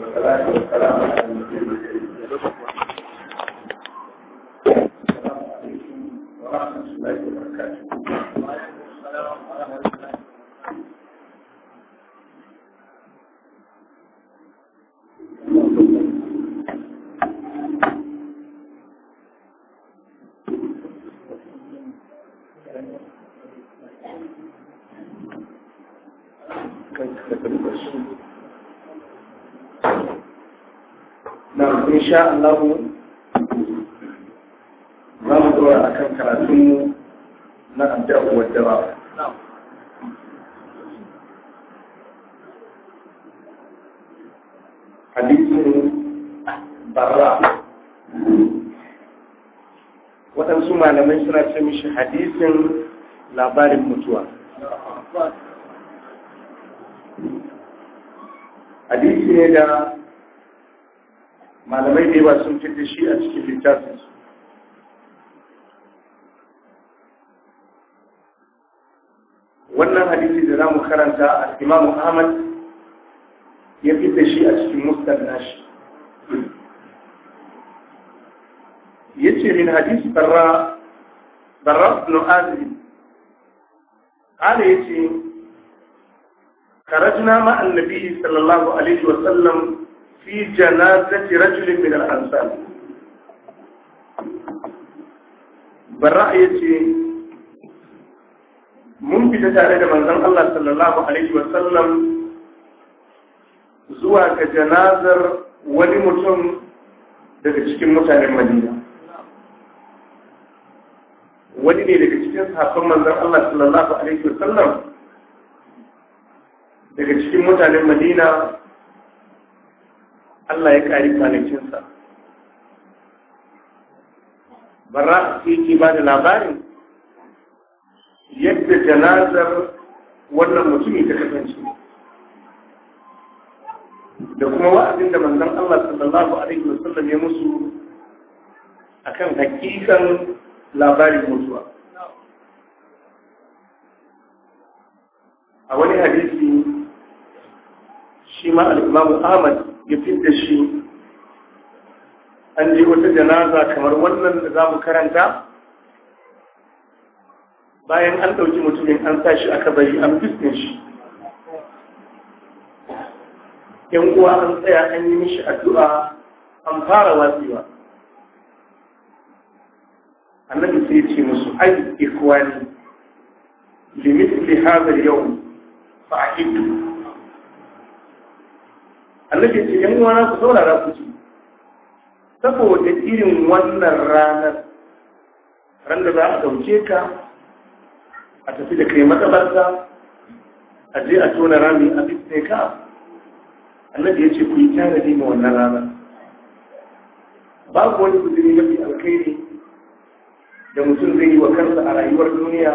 والصلاة والسلام على المسلمين insha Allah za mu zuwa a kan karatunmu na addu'a wadda ba. Hadisin barra. Waɗansu malamai suna ce mishi hadisin labarin mutuwa. Hadisi ne da malamai da yawa sun fitar shi a cikin littafin su wannan hadisi da za mu karanta a imamu ahmad ya fitar shi a cikin mustar nashi ce min hadisi barra barra ibn azib قال يتي خرجنا مع النبي صلى الله عليه وسلم في جنازة رجل من al-ansar barra yace mun fita tare da manzon Allah sallallahu alaihi wa sallam zuwa janazar wani mutum daga cikin mutanen Madina wani ne daga cikin sahabban manzan Allah sallallahu alaihi wa sallam daga cikin mutanen Madina Allah ya ƙari kwanakinsa bara su yi ba da labarin yadda janazar wannan mutumin ta kasance da kuma wa'azin da manzan Allah sallallahu alaihi wasallam ya musu kan hakikan labarin mutuwa a wani hadisi shi ma al’ummamu Ahmad ya da shi an je wata janaza kamar wannan da za mu karanta bayan an ɗauki mutumin an sa shi aka bari an fiskin shi yan uwa an tsaya an yi mishi addu'a an fara watsewa annabi sai ce musu ai ikwani limit li hadha al-yawm annabi ce yan uwana ku saurara ku ci saboda irin wannan ranar ran da za a dauke ka a tafi da kai matsalarsa a je a tona rami a sai ka annabi ya ce ku yi tanadi ma wannan ranar babu wani kuzuri mafi alkhairi da mutum zai yi wa kansa a rayuwar duniya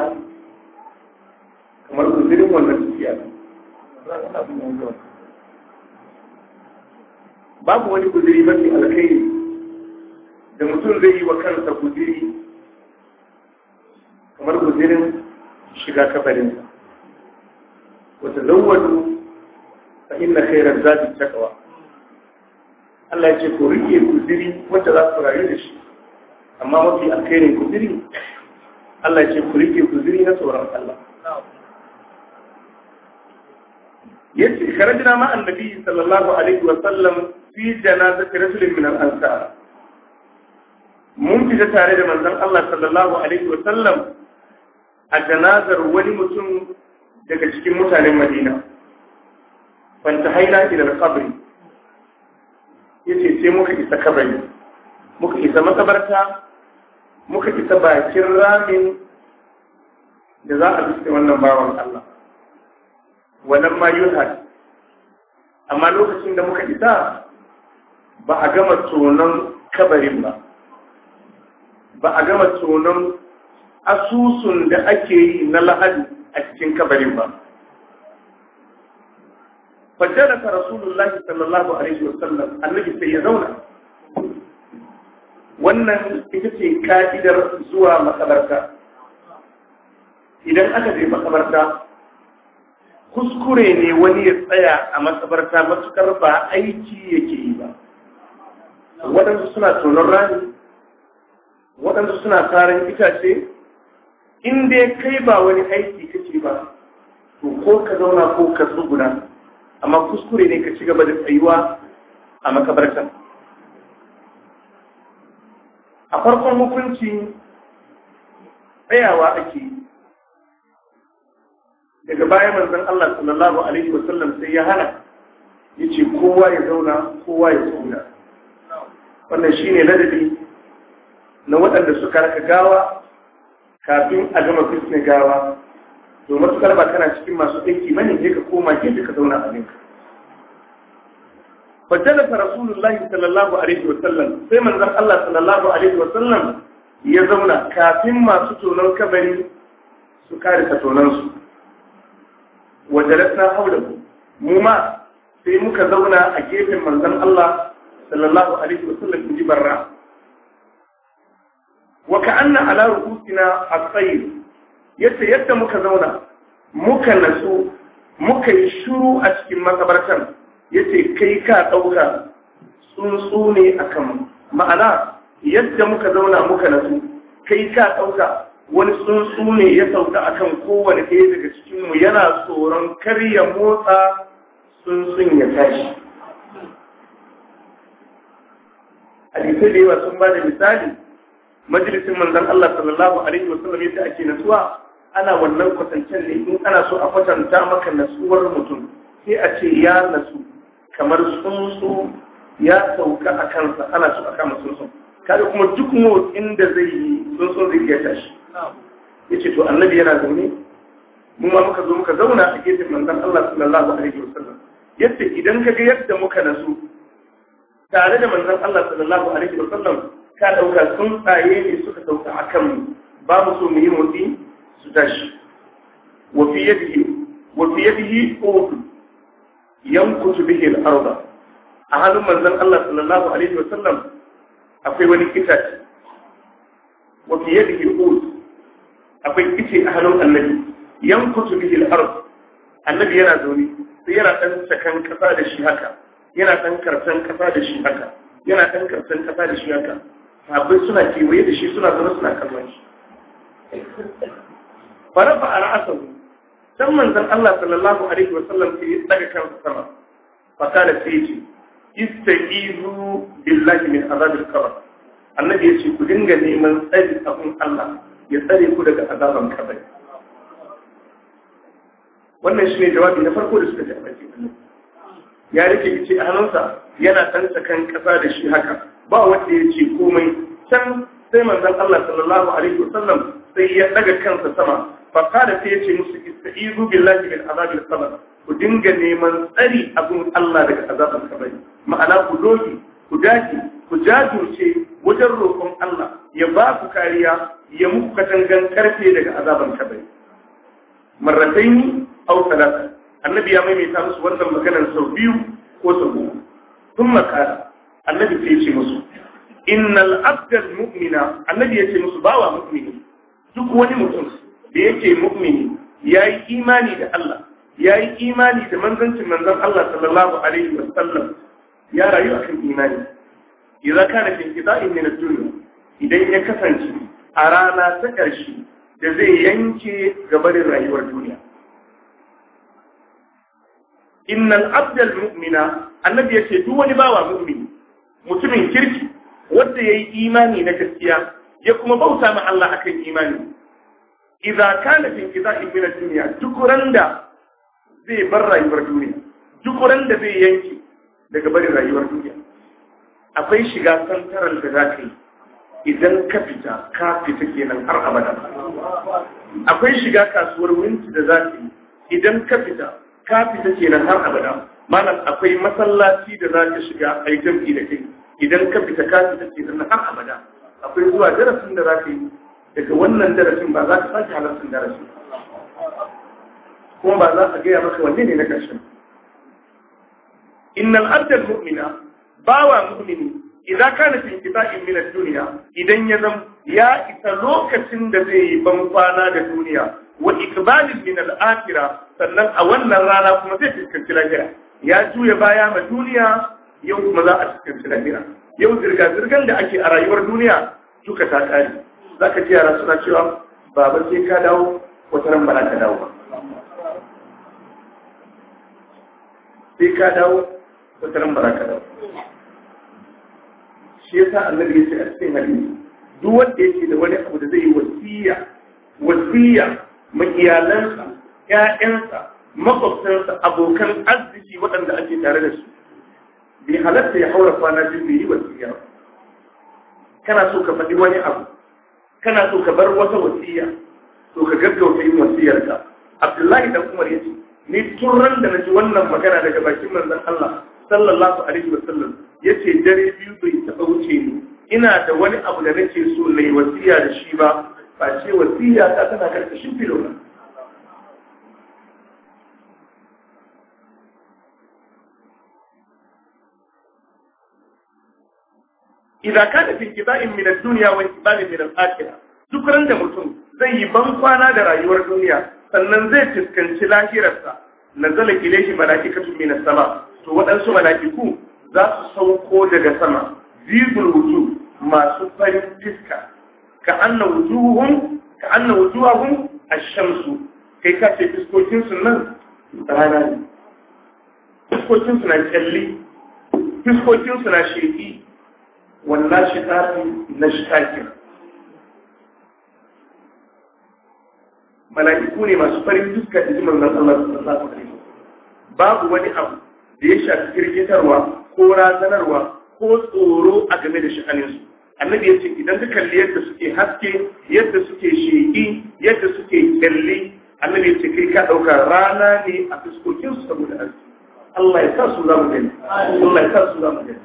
kamar kuzurin wannan tafiya. babu wani guziri mafi alkhairi da mutum zai yi wa kansa guziri kamar guzirin shiga kafarinsa wata zauwadu fa inna khairar zafi takawa Allah ya ce ku rike guziri wacce za ku rayu da shi amma mafi alkhairin guziri Allah ya ce ku rike guziri na tsoron Allah yace karajina ma annabi sallallahu alaihi wa sallam fi janazati rasulin min al-ansar mun fita tare da manzon Allah sallallahu alaihi wa sallam a janazar wani mutum daga cikin mutanen Madina fanta haina ila al-qabr yace sai muka isa kabari muka isa makabarta muka isa bakin ramin da za a bisa wannan bawan Allah wannan ma yuha amma lokacin da muka isa ba a gama tonon kabarin ba ba a gama tonon asusun da ake yi na lahadi a cikin kabarin ba fajjarata rasulullahi sallallahu alaihi wasallam annabi sai ya zauna wannan ita ce ka'idar zuwa makabarta idan aka je makabarta kuskure ne wani ya tsaya a makabarta matukar ba aiki yake yi ba waɗansu suna tonon rani waɗansu suna karan itace in dai kai ba wani aiki kake ba to ko ka zauna ko ka tsuguna amma kuskure ne ka ci gaba da tsayuwa a makabartan a farkon hukunci tsayawa ake daga baya manzon Allah sallallahu alaihi wasallam sai ya hana ya ce kowa ya zauna kowa ya tsuguna wannan shi ne ladabi na waɗanda suka raka gawa kafin a gama kristin gawa domin su ba kana cikin masu aiki bane je ka koma gefe ka zauna a ninka fajalasa rasulullahi sallallahu alaihi wa sallam sai manzon Allah sallallahu alaihi wa sallam ya zauna kafin masu tonon kabari su kare tatonansu wajalasna haulahu mu ma sai muka zauna a gefen manzan Allah sallallahu alaihi wa sallam ji barra wa ka'anna ala ru'usina as-sayr yace yadda muka zauna muka nasu muka yi shiru a cikin makabartan yace kai ka dauka tsuntsu ne akan ma'ana yadda muka zauna muka nasu kai ka dauka wani tsuntsu ne ya sauka akan kowane ɗaya daga mu yana tsoron kar ya motsa tsuntsun ya tashi hadisai da yawa sun ba da misali majalisin manzan Allah sallallahu alaihi sallam yadda ake nasuwa ana wannan kwatancen ne in ana so a kwatanta maka nasuwar mutum sai a ce ya nasu kamar tsuntsu ya sauka a kansa ana so a kama tsuntsun kaga kuma duk motsin da zai yi tsuntsun zai iya tashi yace to annabi yana zaune mu ma muka zo muka zauna a gefen manzan Allah sallallahu alaihi sallam yadda idan kaga yadda muka nasu tare da manzon Allah sallallahu alaihi wa sallam ka dauka sun tsaye ne suka dauka akan mu babu so mu yi motsi su tashi wa fi yadihi wa fi yadihi qut yankutu bihi al-arda a halin manzon Allah sallallahu alaihi wa sallam akwai wani itace wa fi yadihi qut akwai ice a halin annabi yankutu bihi al-arda annabi yana zaune sai yana dan sakan kasa da shi haka yana ɗan karsan ƙasa da shi haka yana ɗan karsan ƙasa da shi haka sahabbai suna kewaye da shi suna zama suna kallon shi farafa a ra'asahu dan manzon Allah sallallahu alaihi wa sallam ke daga kan sama ta yi ce istaqizu billahi min azabil qabr annabi ya ce ku dinga neman tsari abin Allah ya tsare ku daga azaban kabari wannan shi ne jawabi na farko da suka ji a ya rike ice a hannunsa yana ɗan kan ƙasa da shi haka ba wanda ya ce komai can sai manzon Allah sallallahu alaihi wasallam sai ya daga kansa sama fa kada sai ya ce musu istaizu billahi min azabil qabr ku dinga neman tsari abin Allah daga azabar kabari ma'ana ku doki ku daki ku jajirce wajen roƙon Allah ya ba ku kariya ya muku katangan karfe daga azabar kabari marrataini aw salatan annabi ya maimaita musu wannan maganar sau biyu ko sau goma sun makara annabi sai ce musu innal abdal mu'mina annabi ya ce musu bawa mu'mini duk wani mutum da yake mu'mini ya yi imani da Allah ya yi imani da manzancin manzan Allah sallallahu alaihi wa sallam ya rayu akan imani idan kana fi qita'in min na dunya idan ya kasance a rana ta ƙarshe da zai yanke gabarin rayuwar duniya innal abdal mu'mina annabi yace duk wani bawa mu'mini mutumin kirki wanda yayi imani na gaskiya ya kuma bauta ma Allah akan imani idza kana fi qida'i min ad-dunya duk da zai bar rayuwar duniya duk da zai yanke daga barin rayuwar duniya akwai shiga santaran da za ka yi idan ka fita ka fita kenan har abada akwai shiga kasuwar winci da za ka yi idan ka fita ka fita kenan har abada malam akwai masallaci da za ka shiga ai jam'i da kai idan ka fita ka fita kenan har abada akwai zuwa darasin da za ka yi daga wannan darasin ba za ka sake halartar darasin kuma ba za a gaya maka wanne ne na ƙarshen innal abdal mu'mina bawa mu'mini idza kana fi inqita'in min ad-dunya idan ya zam ya isa lokacin da zai yi ban kwana da duniya wa ikbalin min al-akhirah sannan a wannan rana kuma zai fuskanci lahira ya juya baya ma duniya yau kuma za a fuskanci lahira yau zirga zirgan da ake a rayuwar duniya duka ta kare zaka ji yara suna cewa baba sai ka dawo wata ran ba za ka dawo ba sai ka dawo wata ran ba za ka dawo shi yasa annabi ya ce a cikin hadisi duk wanda yake da wani abu da zai yi wasiya wasiya makiyalansa ƴaƴansa makwabtansa abokan arziki waɗanda ake tare da su bai halatta ya haura kwana biyu bai yi wasiya kana so ka faɗi wani abu kana so ka bar wata wasiya to ka gaggauta yin wasiyarka abdullahi dan umar yace ni turan ran da naji wannan magana daga bakin manzon Allah sallallahu alaihi wasallam yace dare biyu bai taɓa wuce ni ina da wani abu da nake so na yi wasiya da shi ba ba ce wasiya ta tana karkashin filona idan ka da fiki ba'in minar duniya wani ba'in minar akira duk ran da mutum zai yi ban kwana da rayuwar duniya sannan zai fuskanci lahirarsa na nazala ilayhi malaki min minar sama to waɗansu mala'iku za su sauko daga sama zizul wujuh masu farin fiska ka anna wujuhum ka ash-shamsu kai ka ce fiskokin su nan rana ne fiskokin su na kyalli fiskokin su na sheki wannan shi tafi na shi takin mala'iku ne masu farin fuska da jimin nan Allah su sa babu wani abu da ya shafi kirkitarwa ko razanarwa ko tsoro a game da sha'aninsu annabi ya ce idan ka kalli yadda suke haske yadda suke sheƙi yadda suke kyalli annabi ya ce kai ka ɗauka rana ne a fuskokin su saboda haske Allah ya sa su za mu gani Allah ya sa su za gani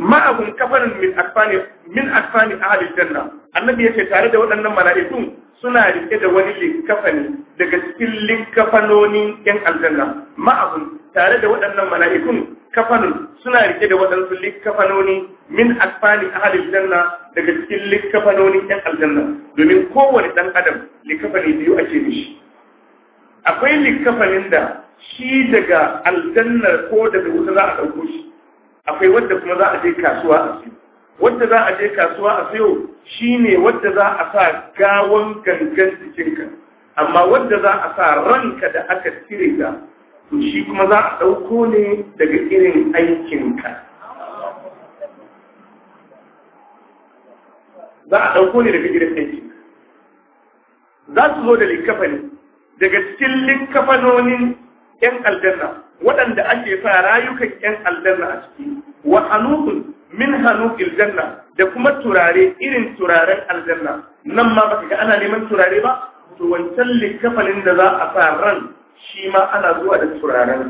ma'ahum kafanin min akfani min akfani ahli janna annabi ya ce tare da waɗannan mala'ikun suna rike da wani linkafani daga cikin linkafanonin ƴan aljanna ma'abun tare da waɗannan mala'ikun kafanun suna rike da waɗansu likkafanoni min asfani halin janna daga cikin likafanonin ƴan aljanna domin kowane ɗan adam likkafani biyu ake mishi akwai likkafanin da shi daga aljannar ko daga wuta za a ɗauko shi akwai wanda kuma za a je kasuwa a siyo wadda za a je kasuwa a sayo ne wadda za a sa gawon gangan jikinka amma wadda za a sa ranka da aka cire ta to shi kuma za a ɗauko ne daga irin aikinka za a ɗauko ne daga irin aikinka za su zo da likafani daga cikin likafanonin 'yan aljanna waɗanda ake sa rayukan 'yan aljanna a ciki wa min hanukil janna da kuma turare irin turaren aljanna nan ma ba ga ana neman turare ba to wancan likafalin da za a sa ran shi ma ana zuwa da turaren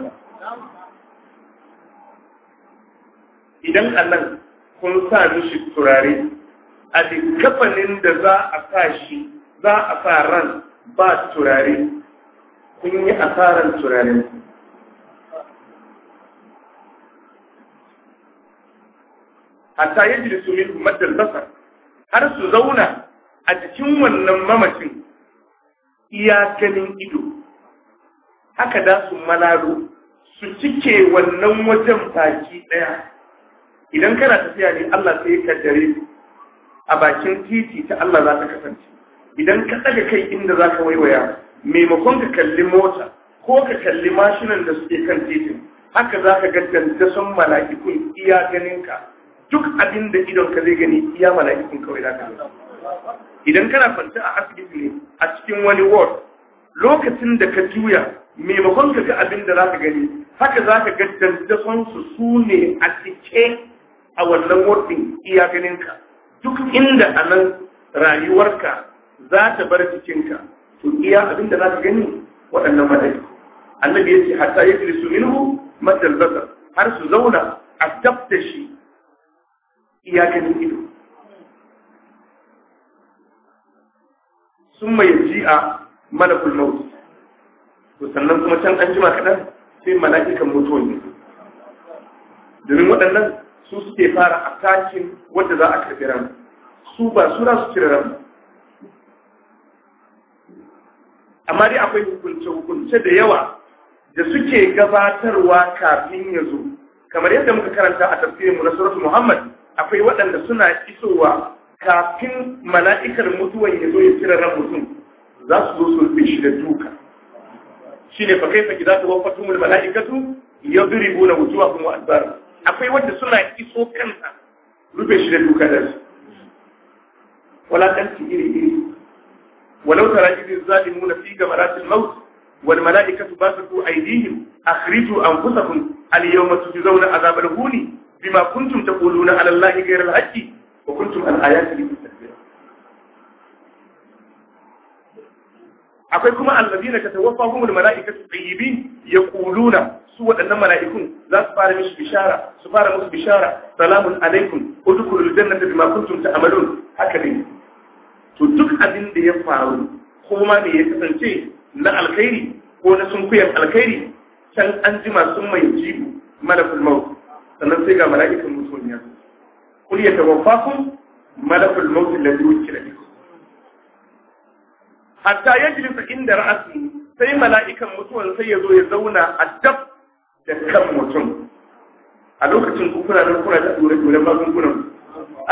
idan anan kun sa mishi turare a likafanin da za a sa shi za a sa ran ba turare kun yi asaran turaren hatta su minhu maddal basar har su zauna a cikin wannan mamacin iyakanin ido haka da su malalo su cike wannan wajen baki ɗaya idan kana tafiya ne Allah sai ka dare a bakin titi ta Allah za ta kasance idan ka tsaga kai inda za ka waiwaya maimakon ka kalli mota ko ka kalli mashinan da suke kan titin haka za ka ga dandason mala'ikun iya ganinka duk abin da idon zai gani iya mala'ikin kawai da ka idan kana kwanta a asibiti ne a cikin wani ward lokacin da ka juya maimakon ka ga abin da za ka gani haka za ka ga dandason su su ne a cike a wannan ward din iya ganinka duk inda a nan rayuwarka za ta bar cikinka to iya abin da za ka gani waɗannan mala'iku annabi ya ce hatta ya su minhu madal har su zauna a dabta shi ganin ido sun mai ji a malakul maut to sannan kuma can an jima kaɗan sai mala'ikan mutuwan ne domin waɗannan su suke fara attacking wanda za a karɓi ran su ba su su cire ran amma dai akwai hukunce-hukunce da yawa da suke gabatarwa kafin ya zo kamar yadda muka karanta a tafsirin na suratul Muhammad akwai waɗanda suna isowa kafin mala'ikar mutuwan ya zo ya cire ran mutum za su zo su rufe shi da duka shi ne fakai fa idza tawaffatumul mala'ikatu na mutuwa kuma adbar akwai wanda suna iso kanta rufe shi da duka da su wala tanti iri iri walau tara idin zalimuna fi gamaratil maut wal mala'ikatu basatu aydihim akhrijuu anfusakum al yawma tujzauna azabal huni bima kuntum taquluna ala allahi ghayra al-haqqi wa kuntum an ayatihi tastakbirun akwai kuma alladina ka tawaffa humul mala'ikatu tayyibin yaquluna su waɗannan mala'ikun za su fara mishi bishara su fara musu bishara salamun alaikum udkhulul da bima kuntum ta'malun haka ne to duk abin da ya faru kuma ne ya kasance na alkhairi ko na sunkuyan alkhairi can an sun mai jibu mana maut sannan sai ga mala'ikan mutuwan ya zo kul ya tawaffakum malakul maut ladhi wukila bihi hatta yajlis inda ra'asi sai mala'ikan mutuwan sai ya zo ya zauna a dab da kan mutum a lokacin ku kuna nan kuna da dore-dore magungunan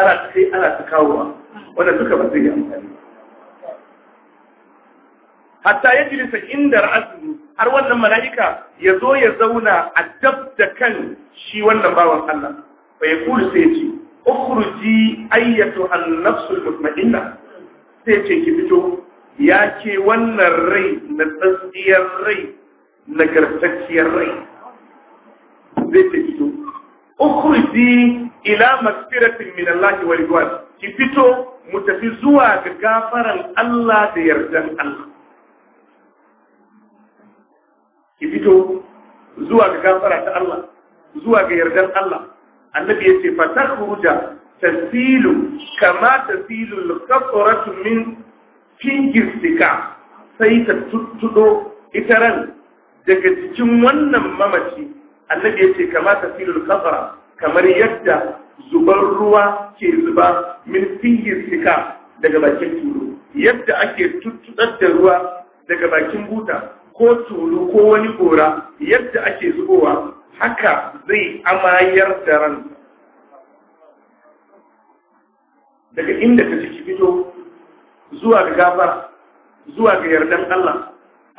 ana sai ana ta kawowa wannan duka ba zai yi amfani hatta ya jirisa inda ra'asuhu har wannan mala'ika ya zo ya zauna a dab kan shi wannan bawan Allah fa ya kuru sai ce ukhruji ayyatu an al mutma'inna sai ce ki fito ya ce wannan rai na tsantsiyar rai na gartacciyar rai zai ce fito ukhruji ila magfiratin min Allah wa ridwan ki fito mu tafi zuwa ga gafaran Allah da yardan Allah ki fito zuwa ga gafara ta Allah zuwa ga yardan Allah annabi ya ce fatakhruja tasilu kama tasilu al-qatratu min fingistika sai ta tuttudo ita ran daga cikin wannan mamaci annabi ya ce kama tasilu al-qatra kamar yadda zubar ruwa ke zuba min fingistika daga bakin tulu yadda ake tuttudar da ruwa daga bakin buta ko tulu ko wani kora yadda ake zubowa haka zai amayar da ran daga inda ka ciki fito zuwa ga gafara zuwa ga yardan Allah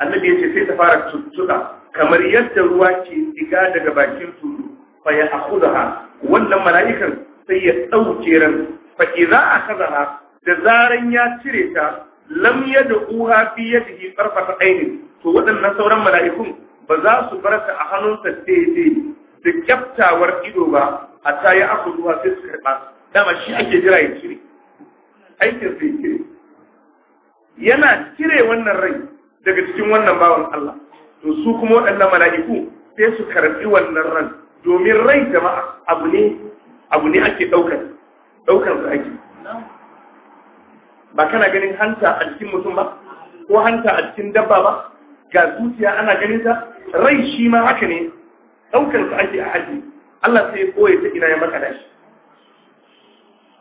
annabi ce sai ta fara tuttuka kamar yadda ruwa ke diga daga bakin tulu fa ya akhudha wannan mala'ikan sai ya dauke ran fa idza akhadha da zaran ya cire ta lam yad'uha fi yadihi tarfata ainin to waɗannan sauran mala'ikun ba za su bar ta a hannunsa daidai da kyaftawar ido ba a ta yi aka zuwa sai su karɓa dama shi ake jira ya cire aikin sai cire yana cire wannan rai daga cikin wannan bawan Allah to su kuma waɗannan mala'iku sai su karɓi wannan ran domin rai jama'a abu ne abu ne ake ɗaukar ɗaukar su ake ba kana ganin hanta a cikin mutum ba ko hanta a cikin dabba ba ga zuciya ana ganin ta rai shi ma haka ne daukar su ake a aji Allah sai ya koye ta ina ya maka da shi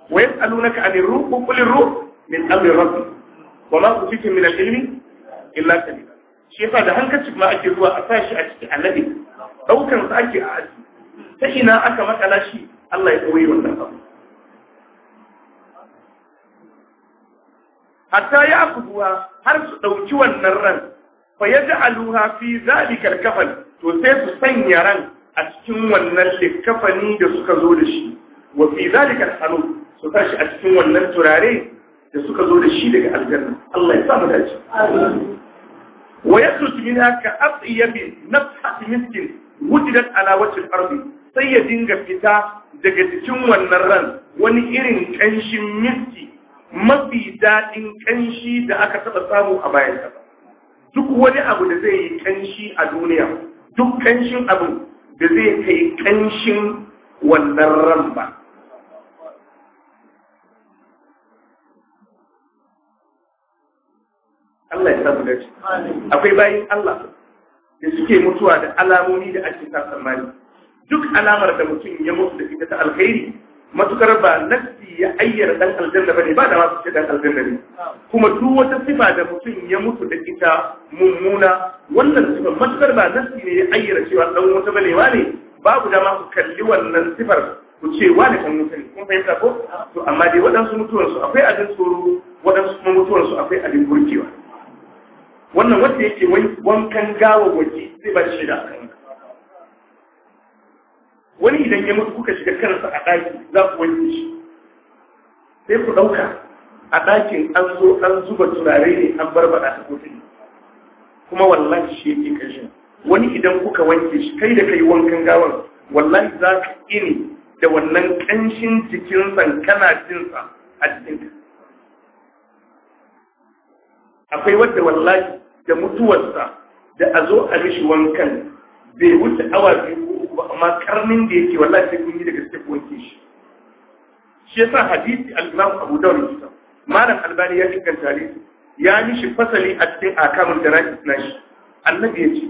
wa yas'alunaka anir ruh qul ruh min amri rabbi wa ma utitu min al-ilmi illa qalila shi yasa da hankacin ma ake zuwa a sashi a cikin annabi daukar su ake a aji ta ina aka makala shi Allah ya koye wannan abu hatta ya akuduwa har su ɗauki wannan ran fa yaj'aluha fi zalika al-kafan to sai su sanya ran a cikin wannan likafani da suka zo da shi wa fi zalika al su tashi a cikin wannan turare da suka zo da shi daga aljanna Allah ya samu dace wa yasrut minha ka atyabi nafhat miskin wujidat ala wajhi ardi sai ya dinga fita daga cikin wannan ran wani irin kanshin miski mafi daɗin kanshi da aka taɓa samu a bayan duk wani abu da zai yi kanshi a duniya duk kanshin abu da zai kai kanshin wannan ran ba Allah ya samu dace akwai bayin Allah da suke mutuwa da alamomi da ake sa tsammani duk alamar da mutum ya mutu da ita ta alkhairi matukar ba nafsi ya ayyara dan aljanna bane ba da masu ce dan aljanna ne kuma duk wata sifa da mutum ya mutu da ita mummuna wannan sifa matukar ba nafsi ne ya ayyara cewa dan wata bane ne babu dama ku kalli wannan sifar ku ce wa ne kan mutane kun fahimta ko to amma dai waɗansu mutuwarsu akwai abin tsoro waɗansu kuma mutuwarsu akwai abin burkewa wannan wanda yake wankan gawa gwaji zai ba shi da kanka wani idan ya mutu kuka shiga kansa a ɗaki za ku wanke shi sai ku ɗauka a ɗakin an zo an zuba turare ne an barbaɗa ta kotu kuma wallahi shi yake kashin wani idan kuka wanke shi kai da kai wankan gawar wallahi za ka ini da wannan ƙanshin jikinsa kana jinsa a jikinka akwai wadda wallahi da mutuwarsa da a zo a mishi wankan bai wuce awa biyu ba amma karnin da yake wallahi sai kun yi da gaske ko wanke shi shi yasa hadisi al-Imam Abu Dawud ya malam Albani ya cikin tarihi. ya yi shi fasali a cikin akamun da na shi annabi ya ce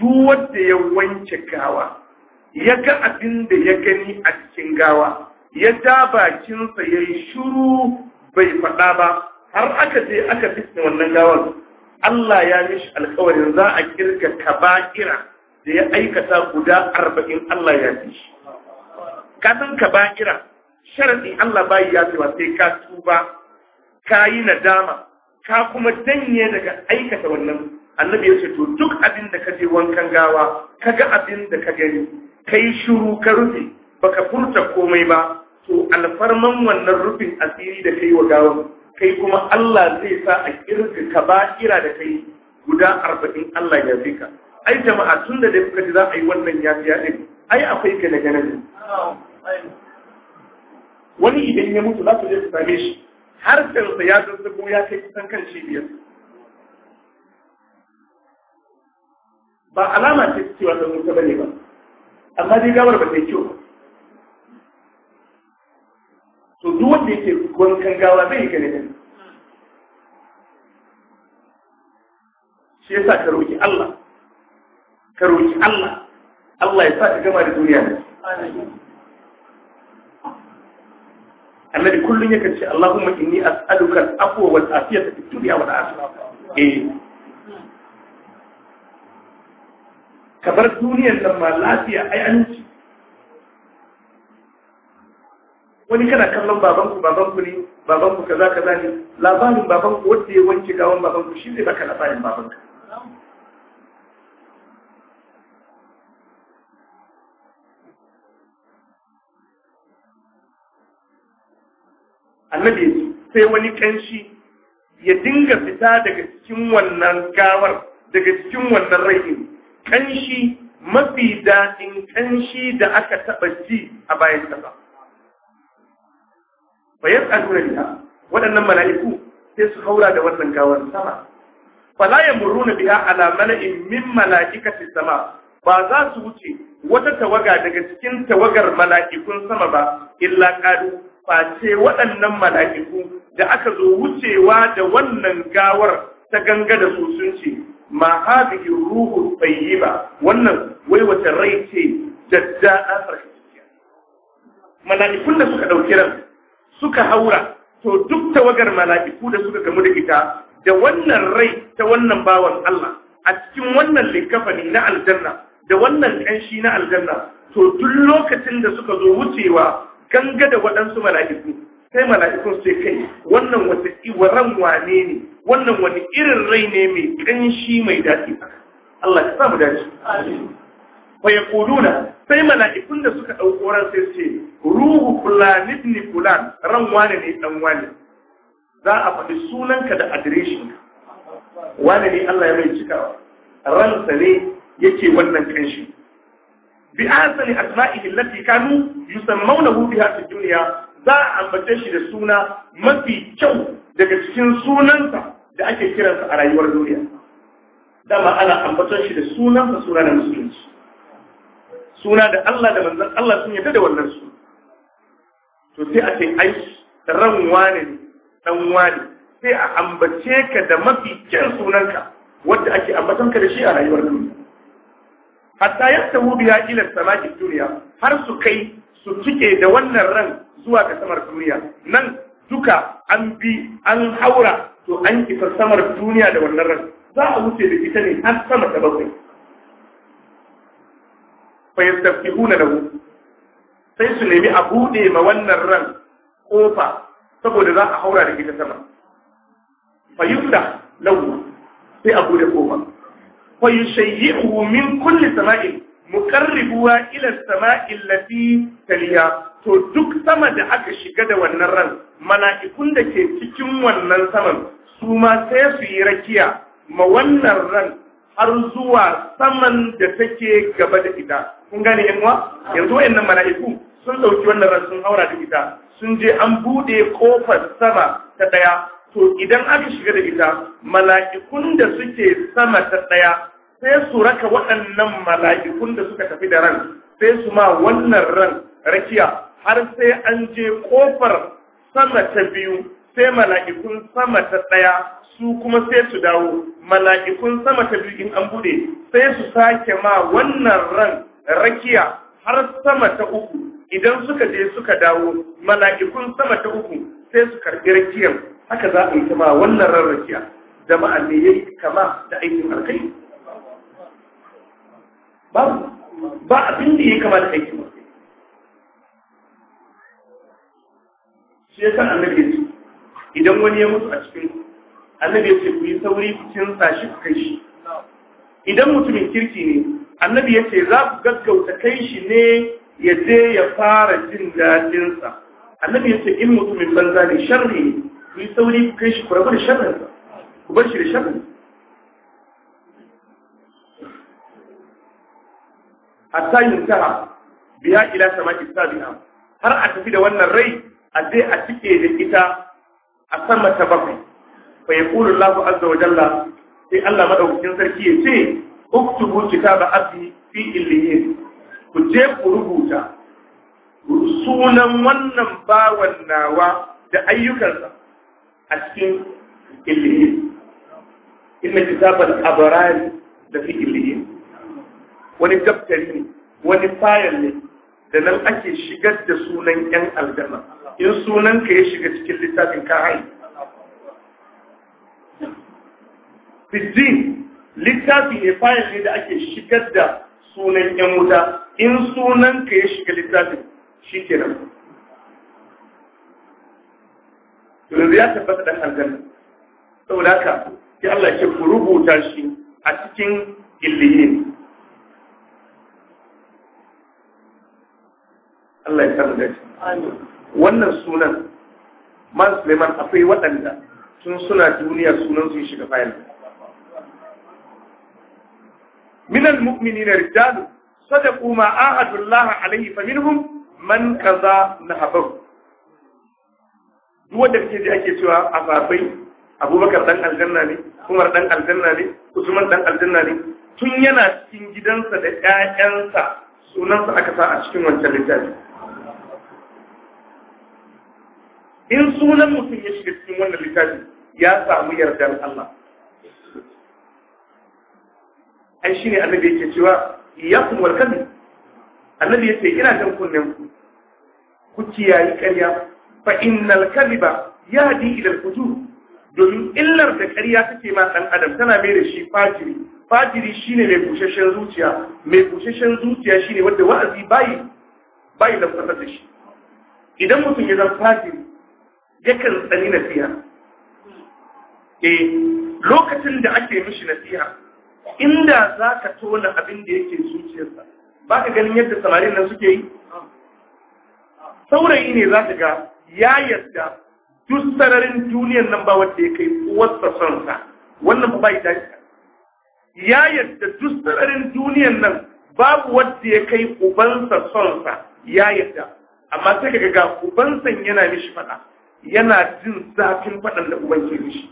duk wanda ya wanke gawa ya ga abin da ya gani a cikin gawa ya ja bakinsa ya yi shuru bai faɗa ba har aka je aka fitne wannan gawar Allah ya mishi alkawarin za a kirga kaba'ira da ya aikata guda arba'in Allah ya fi shi. Ka san ka ba'ira, sharaɗi Allah bayi ya fi sai ka tuba, ka yi nadama, ka kuma danye daga aikata wannan annabi ya ce to duk abin da ka je wankan gawa, ka ga abin da ka gani, ka yi shuru ka rufe, baka furta komai ba, to alfarman wannan rufin asiri da kai wa gawan, kai kuma Allah zai sa a kirga ka ira da kai guda arba'in Allah ya fi ka. ai jama'a tun da dai kaji za a yi wannan yafiya ne, ai akwai gane gane ne wani idan ya mutu za ku je ku same shi har sai ya zazzabo ya kai kusan kan shi biyar ba alama ce cewa da mutu bane ba amma dai gawar ba ta yi kyau ba to duk wanda yake wankan gawa zai yi gane gane shi yasa ka roki Allah ka roki Allah Allah ya sa ka gama da duniya ne annabi kullum yakan ce Allahumma inni as'aluka al-afwa wal afiyata fid dunya wal akhirah eh kabar duniyar nan ma lafiya ai an ci wani kana kallon babanku babanku ne babanku kaza kaza ne labarin babanku wanda ya wanke gawan babanku shi ne baka labarin babanka annabi sai wani kanshi ya dinga fita daga cikin wannan gawar daga cikin wannan rai kanshi mafi daɗin kanshi da aka taɓa ji a bayan ƙasa bayan tsakunan waɗannan mala'iku sai su haura da wannan gawar sama fala na biya ala mala'in min mala'ikati sama ba za su wuce wata tawaga daga cikin tawagar mala'ikun sama ba illa ƙaru face waɗannan mala'iku da aka zo wucewa da wannan gawar ta ganga da sun ce ma hadhihi ruhu ba, wannan wai wata rai ce daddada farkaciya mala'ikun da suka ɗauki ran suka haura to duk tawagar mala'iku da suka gamu da ita da wannan rai ta wannan bawan Allah a cikin wannan likafani na aljanna da wannan ƙanshi na aljanna to duk lokacin da suka zo wucewa ganga da waɗansu mala'iku sai mala'ikun sai kai wannan wata iwaran wane ne wannan wani irin rai ne mai ƙanshi mai daɗi Allah ka samu dace fa yaquluna sai mala'ikun da suka ɗauko ran sai ce ruhu fulan ibn fulan ran wane ne ɗan wane za a faɗi sunanka da adireshin wane ne Allah ya mai cikawa ransa ne yake wannan kanshi bi asali asma'ihi allati kanu hu biha fi dunya za a ambace shi da suna mafi kyau daga cikin sunansa da ake kiransa a rayuwar duniya dama ana ambaton shi da sunansa suna da musulunci suna da Allah da manzon Allah sun yarda da wannan su to sai a ce ai ran wane ne dan wane sai a ambace ka da mafi kyan sunanka wanda ake ambaton ka da shi a rayuwar duniya hatta yastahu biya ila samaki duniya har su kai su cike da wannan ran zuwa ga samar duniya nan duka an bi an haura to an isa samar duniya da wannan ran za a wuce da ita ne an sama ta bakwai fayyastafihuna lahu sai su nemi a buɗe ma wannan ran kofa saboda za a haura da ita sama fayyuda lahu sai a buɗe kofa fayyushayyihu min kulli sama'in muqarribuha ila sama'il lati taliya to duk sama da aka shiga da wannan ran mala'ikun da ke cikin wannan saman su ma sai su yi rakiya ma wannan ran har zuwa saman da take gaba da ita kun gane yan uwa yanzu wayannan mala'iku sun dauki wannan ran sun haura da ita sun je an bude kofar sama ta daya to idan aka shiga da ita mala'ikun da suke sama ta daya sai su raka waɗannan mala'ikun da suka tafi da ran sai su ma wannan ran rakiya har sai an je ƙofar sama ta biyu sai mala'ikun sama ta ɗaya su kuma sai su dawo mala'ikun sama ta biyu in an buɗe. sai su sake ma wannan ran rakiya har sama ta uku idan suka je suka dawo mala'ikun sama ta uku sai su karɓi rakiyar haka za a yi ta ma wannan ran rakiya jama'a ne ya yi kama da aikin alkai ba abin da ya kamata kai kuma shi ya san annabi su ce idan wani ya mutu a cikin annabi ya ce ku yi sauri ku kinsa shi ku kai shi idan mutumin kirki ne annabi ya ce za ku gaggauta kai shi ne ya je ya fara jin daɗinsa annabi ya ce in mutumin banza ne sharri ne ku yi sauri ku kai shi ku rabu da sharrinsa ku bar shi da sharrinsa hatta yuntaha biya ila sama'i sabi'a har a tafi da wannan rai a je a cike da ita a sama ta bakwai fa yaqulu Allahu azza wa jalla sai Allah madaukakin sarki ya ce uktubu kitaba abdi fi illiyin ku je ku rubuta sunan wannan bawan nawa da ayyukansa a cikin illiyin inna kitabal abrari da fi illiyin wani daftari ne wani fayil ne da nan ake shigar da sunan yan aljanna in sunan ka ya shiga cikin littafin ka hai Fiddin littafi ne fayil ne da ake shigar da sunan yan wuta in sunan ka ya shiga littafin shi nan. yanzu ya tabbata dan aljanna saboda haka sai Allah ke rubuta shi a cikin illiyin Allah ya wannan sunan man Suleiman akwai waɗanda tun suna duniya sunan su shiga fayil min na rijalu sadaqu ma ahadu Allah alayhi faminhum man kaza nahabahu duk wanda kake ji ake cewa babai, abubakar dan aljanna ne umar dan aljanna ne usman dan aljanna ne tun yana cikin gidansa da 'ya'yansa sunansa aka sa a cikin wancan littafi in sunan mutum ya shiga cikin wannan littafi ya samu yardar Allah ai shi ne annabi yake cewa ya wal warkami, annabi ce ina jan kunnen ku ku kiyayi ƙarya fa innal kadhiba yahdi idan ku juru. domin illar da ƙarya take ma ɗan adam tana mai da shi fajiri fajiri shine mai bushashen zuciya mai bushashen zuciya shine wanda wa'azi bayi bayi da da shi idan mutum ya zama fajiri yakan tsani na siya E, eh, lokacin da ake mishi na nasiha inda za ka tona abin da yake zuciyarsa ba ka ganin yadda samarin nan suke yi saurayi ne za ka ga ya yarda duk sararin duniyar nan ba wadda ya kai uwarsa sonsa wannan ba bai dace ya yarda duk sararin duniyar nan babu wadda ya kai ubansa sonsa ya yarda amma sai ka ga ubansa yana mishi fada yana jin zafin faɗan da uban ke mishi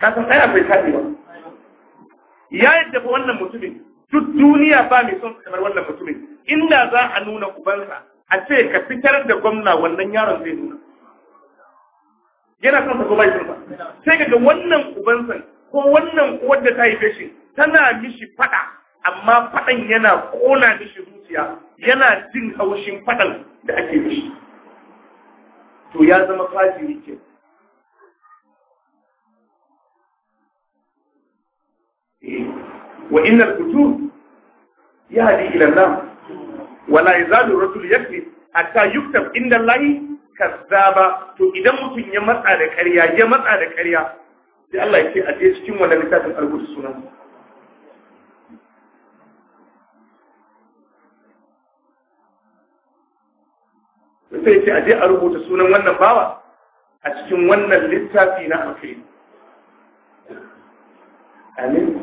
kasan ɗaya bai kaɗe ba ya yadda fa wannan mutumin duk duniya ba mai son kamar wannan mutumin inda za a nuna ubansa a ce ka fitar da gwamna wannan yaron zai nuna yana son sa ko bai son sai wannan ubansa ko wannan uwar da ta yi shi tana mishi faɗa amma faɗan yana ƙona mishi zuciya yana jin haushin faɗan da ake mishi to ya zama fajiri ke wa innal kutub yahdi ila Allah wala yazalu rasul yakfi hatta yuktab inda Allah kazzaba to idan mutum ya matsa da ƙarya ya matsa da ƙarya sai Allah ya ce a je cikin wannan littafin alƙur'ani sunan sai ce a je a rubuta sunan wannan bawa a cikin wannan littafi na alkhairi amin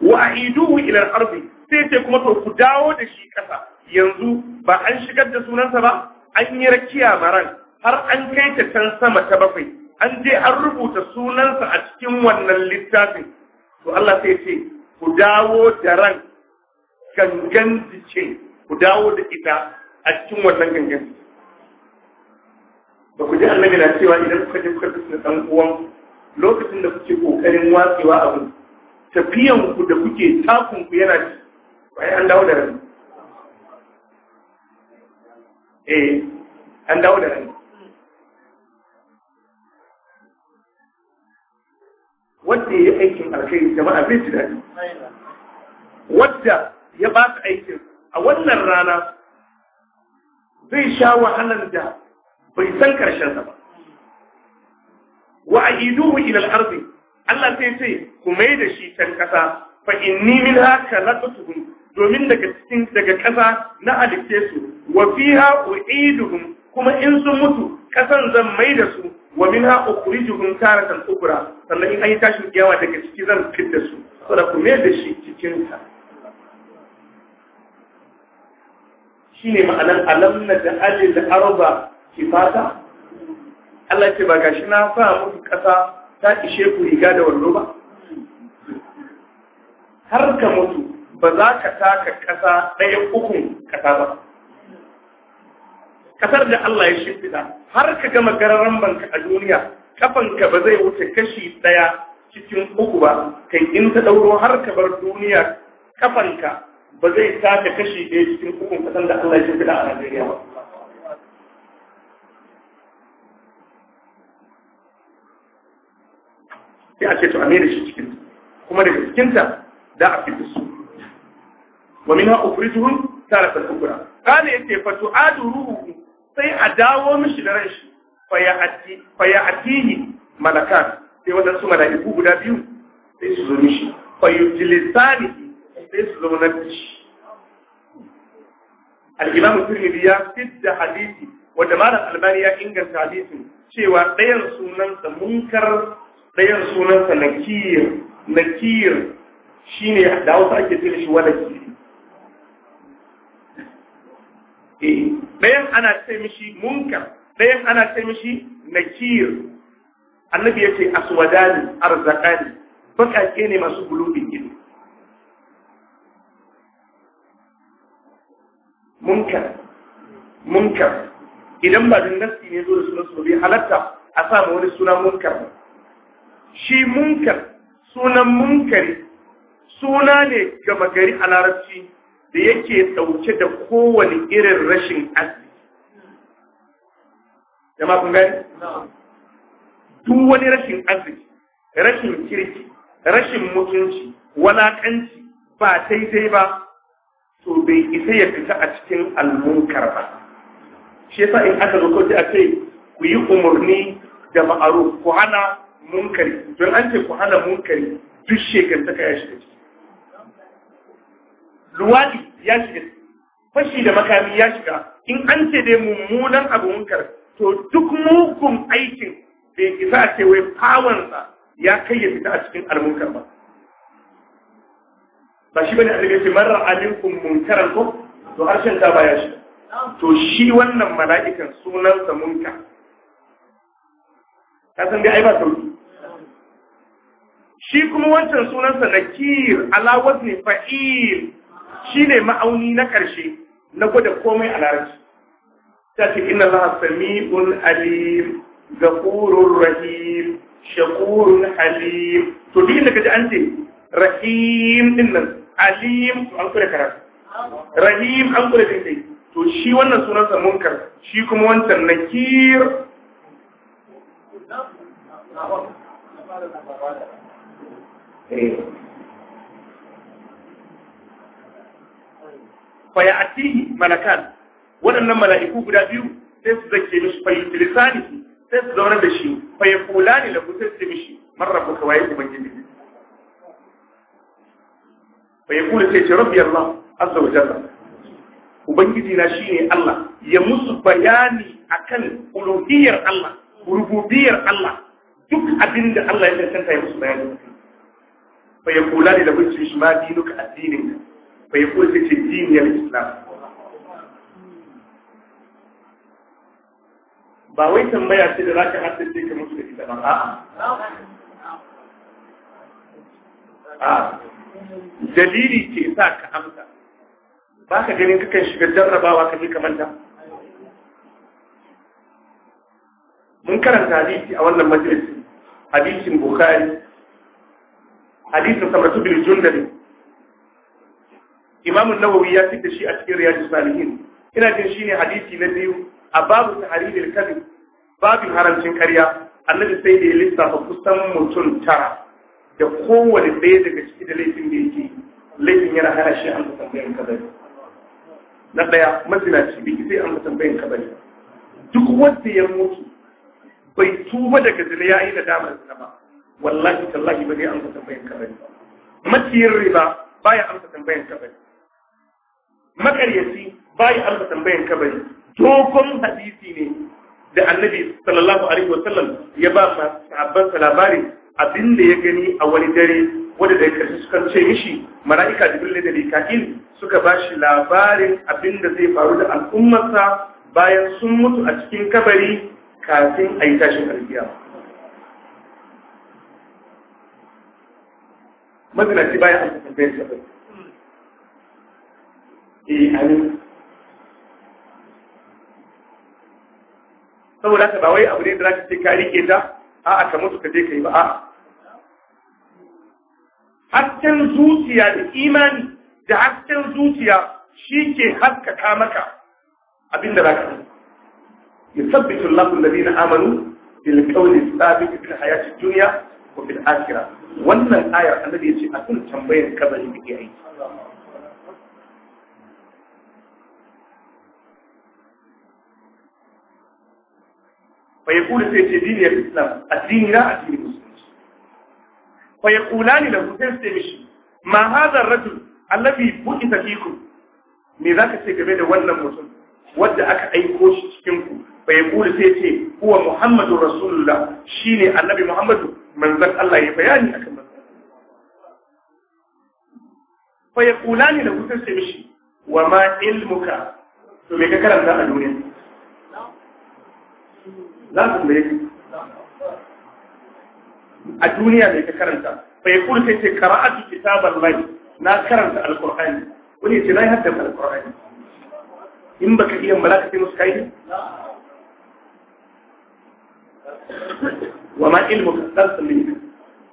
wa aiduhu ila al harbi? sai ce kuma to ku dawo da shi kasa yanzu ba an shigar da sunansa ba an yi rakiya maran har an kai ta can sama ta bakwai an je an rubuta sunansa a cikin wannan littafin to Allah sai ce ku dawo da ran gangan ce ku dawo da ita a cikin wannan gangan ba ku ji annabi na cewa idan kuka je kuka tsina dan uwan lokacin da kuke kokarin watsewa abu tafiyan ku da kuke takun ku yana ci bai an dawo da rani eh an dawo da rani wanda ya yi aikin alkhairi jama'a bai ji daɗi wadda ya ba su aikin a wannan rana zai sha wahalar da bai san karshensa ba wa aiduhu ila al-ardi Allah sai ce ku mai da shi can kasa fa inni minha khalaqtuhum domin daga cikin daga kasa na halitte su wa fiha uiduhum kuma in sun mutu ƙasan zan mai da su wa min minha ukhrijuhum kan ukhra sannan in an yi tashin kiyawa daga ciki zan fitar da su saboda ku mai da shi cikin ka ma'anar ma'anan da na da arba fata Allah ce ba gashi na sa muku ƙasa ta ishe ku riga da wallo ba har ka mutu ba za ka taka ƙasa ɗaya ukun ƙasa ba Ƙasar da Allah ya shimfiɗa har ka gama gararren banka a duniya kafanka ba zai wuce kashi ɗaya cikin uku ba kai in ta ɗauro har ka bar duniya kafanka ba zai sake kashi ɗaya cikin ukun kasan da Allah ya shimfiɗa a Najeriya ba. Sai a ce to a da shi cikin kuma daga cikinta da a fita su. Wa min haƙo firijuhun tara ta kubura. Kale ya ce fatu adu ruhu sai a dawo mishi da ran shi faya ya atihi malakan sai waɗansu mala'iku guda biyu sai su zo mishi fa yujilisani sai su zama nabi al-imam tirmidhi ya fidda hadisi wadda malam albani ya inganta hadisin cewa ɗayan sunansa munkar ɗayan sunansa nakir shi ne da Hausa ake cewa shi wala eh ɗayan ana ce mishi munkar ɗayan ana ce mishi nakir annabi ya ce aswadani arzakani baƙaƙe ne masu gulubin ido munkar munkar idan ba din nasi ne zo da sunan su bai halatta a sa ma wani suna munkar shi munkar sunan munkari suna ne gama gari a larabci da yake ɗauke da kowane irin rashin asiri. Jama'a kun gani? Duk wani rashin arziki, rashin kirki, rashin mutunci, walakanci ba daidai ba to bai isa ya fita a cikin almunkar ba shi yasa in aka zo kawai ku yi umarni da ma'aruf ku hana munkari don an ce ku hana munkari duk shekantaka ya shiga ciki luwadi ya shiga fashi da makami ya shiga in an ce dai mummunan abu munkar to duk mugun aikin bai isa a ce wai fawansa ya kai ya fita a cikin almunkar ba ba shi bane annabi ce man ra'a minkum munkaran ko to harshen ta baya shi to shi wannan mala'ikan sunan sunansa munkar ka san dai ai ba sauki shi kuma wancan sunan sunansa nakir ala wazni fa'il shine ma'auni na karshe na gwada komai a larabci ta ce inna allaha sami'un alim ghafurur rahim shakurun halim to duk inda kaji an ce rahim din nan alim an kula karatu rahim an kula daidai to shi wannan sunansa munkar shi kuma wancan nakir fa ya atihi malakan waɗannan mala'iku guda biyu sai su zake mishi fa yutilisani sai su zauna da shi fa ya kula ne da sai su mishi marar buka waye ubangiji fa yaqulu sai ce rabbi Allah azza wa jalla ubangiji na shine Allah ya musu bayani akan uluhiyyar Allah rububiyar Allah duk abin da Allah ya tantance ya musu bayani fa yaqulu la lahu shi ma dinuka addinin fa yaqulu sai ce diniyal islam ba wai tambaya ce da za ka ce ka musu da ita ba a'a dalili ce sa ka amsa ba ka ganin kakan shiga jarrabawa ka ji ka manta mun karanta hadisi a wannan majalisi hadisin bukari hadisin samratu bil jundari imam an-nawawi ya fita shi a cikin riyadus salihin ina jin shine hadisi na biyu a babu tahrir al-kadhib babin haramcin ƙarya annabi sai da ya lissafa kusan mutum tara da kowane ɗaya daga ciki da laifin da yake laifin yana hana shi an tambayin kabari na ɗaya mazinaci biki sai an tambayin kabari duk wanda ya mutu bai tuba daga zina ya yi da damar zina ba wallahi tallahi ba zai an tambayin kabari maciyin riba baya an tambayin kabari makaryaci baya an tambayin kabari dogon hadisi ne da annabi sallallahu alaihi wasallam ya ba sahabbansa labarin. abin da ya gani a wani dare wanda da karshe suka ce mishi mala'ika jibril da likain suka ba shi labarin abin da zai faru da al'ummarsa bayan sun mutu a cikin kabari kafin a yi tashin alkiyama mazinaci bayan an tambayar sabai eh amin saboda haka ba wai abu ne da za ka ce ka rike ta a'a ka mutu ka je ka yi ba a'a hasken zuciya da imani da hasken zuciya shi ke haskaka maka abinda za ka yi sabbitu Allahu na amanu bil qawli thabit fil hayati dunya wa fil akhirah wannan ayar annabi ce a kun tambayar kabari da ke aiki fa yaqulu sai ce dini al a jini na a jini musulunci kula yaqulani da sai sai mishi ma hadha ar-rajul allazi bu'ita fikum me ka ce game da wannan mutum wanda aka aiko shi cikinku? ku fa yaqulu sai ce huwa muhammadur rasulullah ne annabi muhammadu manzon Allah ya bayani akan manzon fa yaqulani lahu sai mishi wa ma ilmuka to me ka karanta a duniya za su tambaye shi a duniya ne ka karanta bai kul sai ce qara'atu kitaban mai na karanta alqur'ani wani ce nayi hadda alqur'ani in baka iya malaka sai musu kai wa ma ilmu ka dan sallin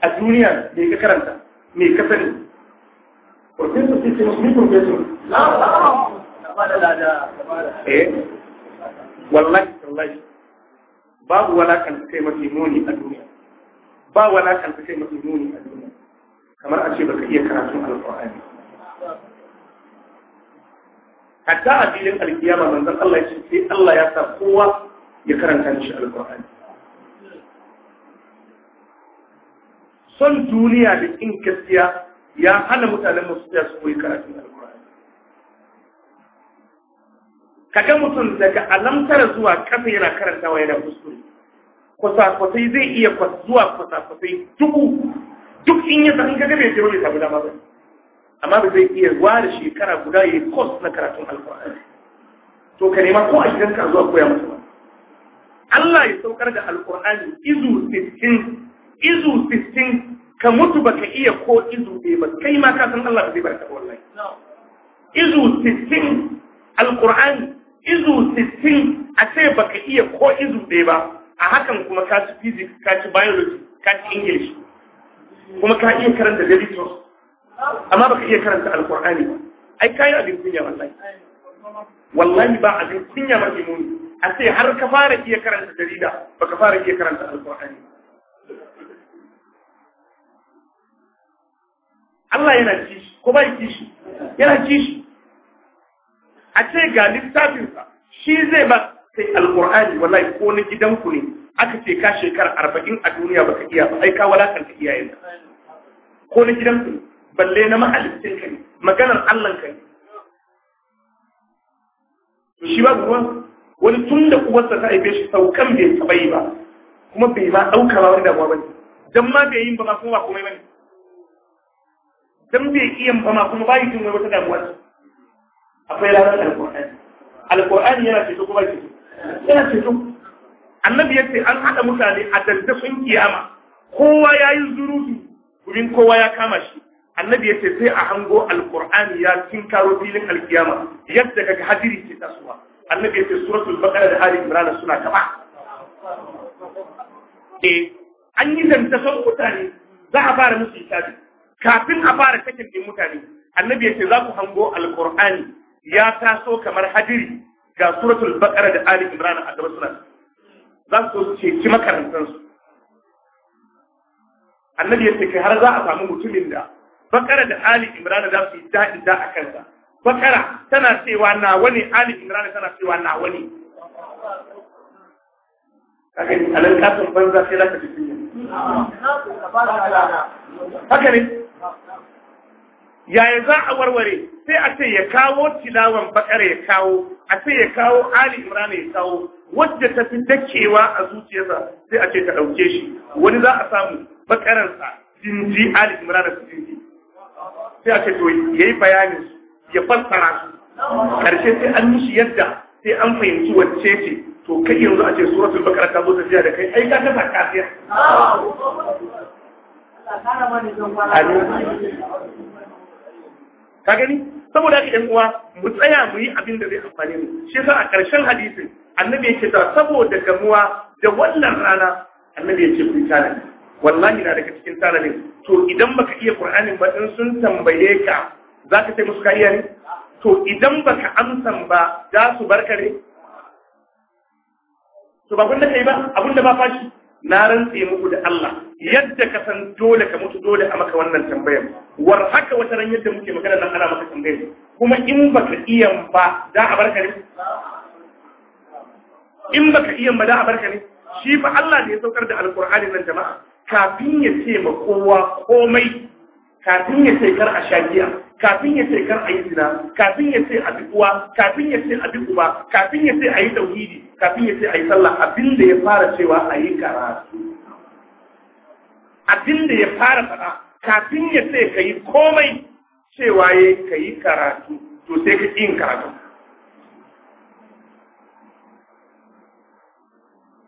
a duniya ne ka karanta me ka sani professor sai ce musu professor eh wallahi wallahi babu walakanta kai mafi muni a duniya ba wala walakanta kai mafi muni a duniya kamar a ce baka iya karatun alƙur'ani hatta a filin alkiyama manzon Allah ya ce sai Allah ya sa kowa ya karanta shi alƙur'ani son duniya da kin gaskiya ya hana mutanen musu su koyi karatun alƙur'ani kaga mutum daga alamtara zuwa ƙasa yana karantawa yana kuskure kwasa-kwasai zai iya zuwa kwasa-kwasai dubu duk in yi zan kaga mai je bai samu dama ba amma ba zai iya ware shekara guda ya yi kos na karatun alkur'ani to ka nema ko a gidanka zuwa koya masa ba Allah ya saukar da alkur'ani izu 60 izu 60 ka mutu ba ka iya ko izu ɗaya ba kai ma ka san Allah ba zai barka wallahi izu 60 alkur'ani izu sittin a ce baka iya ko izu ɗaya ba a hakan kuma ka ci physics ka ci biology ka ci english kuma ka iya karanta literature amma baka iya karanta alkur'ani ba ai kayi abin kunya wallahi wallahi ba abin kunya ba ke muni a ce har ka fara iya karanta jarida baka fara iya karanta alkur'ani Allah yana kishi ko bai kishi yana kishi a ce ga littafinsa shi zai ba sai alkur'ani wallahi ko na gidanku ne aka ce ka shekara arba'in a duniya baka iya ba ai ka walakanta iyayenka ko na gidanku ne balle na mahalicin ka ne maganar Allah ka ne to shi ba ruwan wani tun da uwarsa ta bai shi saukan bai taɓa yi ba kuma bai ma ɗauka ba wani damuwa ne, dan ma bai yin ba ma kuma ba komai ne. dan bai iya ba ma kuma ba yi jin wata damuwa akwai ranar alƙur'ani alƙur'ani yana ceto kuma ceto yana fito. annabi ya ce an haɗa mutane a sun kiyama kowa ya yi zurutu domin kowa ya kama shi annabi ya ce sai a hango alƙur'ani ya cin tinkaro filin alkiyama yadda kaga hadiri ke tasowa annabi ya ce suratul baqara da ali imran suna kaba. eh an yi dandasun mutane za a fara musu hisabi kafin a fara kakin din mutane annabi ya ce za ku hango alƙur'ani ya taso kamar hadiri ga suratul baqara da ali imran a gaba suna za su su ce ci makarantar su annabi ya ce har za a samu mutumin da baqara da ali imran za su yi daɗi da a kansa baqara tana cewa na wani ali imran tana cewa na wani kaga ni alan banza sai zaka ji haka ne yaya za a warware sai a ce ya kawo tilawan baƙar ya kawo a ce ya kawo ali imran ya kawo wadda ta fi dakewa a zuciyarsa sai a ce ta ɗauke shi wani za a samu bakararsa jinji ali imrana su jinji sai a ce to yayi bayani su ya fassara su karshe sai an mishi yadda sai an fahimci wacce ce to kai yanzu a ce suratul bakara ta zo tafiya da kai ai ka kasa Amin. ka gani saboda haka ɗan uwa mu tsaya mu yi abin da zai amfane mu shi yasa a ƙarshen hadisin annabi ya ce ta saboda gamuwa da wannan rana annabi ya yake ku tanadi wallahi na daga cikin tanadin to idan baka iya qur'anin ba in sun tambaye ka zaka sai musu kariya ne to idan baka amsan ba za su barkare to ba kun da kai ba abun da ba fashi na rantse muku da Allah yadda ka san dole ka mutu dole a maka wannan tambayar war haka wata ran yadda muke magana nan ana maka tambayar kuma in baka iya ba da a barka ne in baka iya ba da a barka ne shi fa Allah da ya saukar da alqur'ani nan jama'a kafin ya ce ma kowa komai kafin ya ce kar a sha giya kafin ya ce kar a yi zina kafin ya ce a bi uwa kafin ya ce a bi uba kafin ya ce a yi tauhidi kafin ya ce a yi sallah abin da ya fara cewa a yi karatu abin da ya fara faɗa kafin ya ce ka yi komai cewa ya ka yi karatu to sai ka yin karatu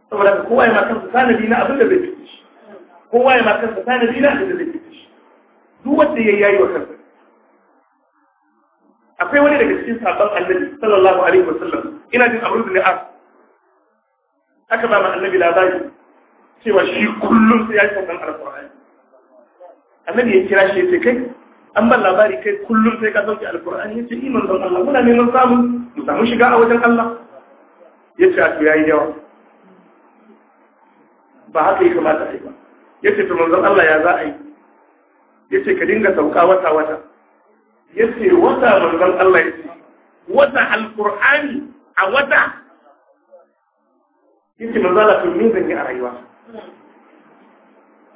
saboda kowa ya makansa tanadi na abin da zai fi kowa ya makansa tanadi na abin da zai fi duk wanda ya yayi wa kansa akwai wani daga cikin sabon annabi sallallahu alaihi wasallam ina jin abu ne as aka ba annabi labari cewa shi kullum sai ya yi saukan alkur'ani annabi ya kira shi ya ce kai an ban labari kai kullum sai ka sauke alkur'ani ya ce iman don Allah muna neman samun mu samu shiga a wajen Allah ya ce a to ya yi yawa ba haka ya kamata a yi ba ya ce to manzon Allah ya za a yi ya ce ka dinga sauka wata wata yace wata manzon Allah yace wata alqur'ani a wata yace manzon Allah to me zan yi a rayuwa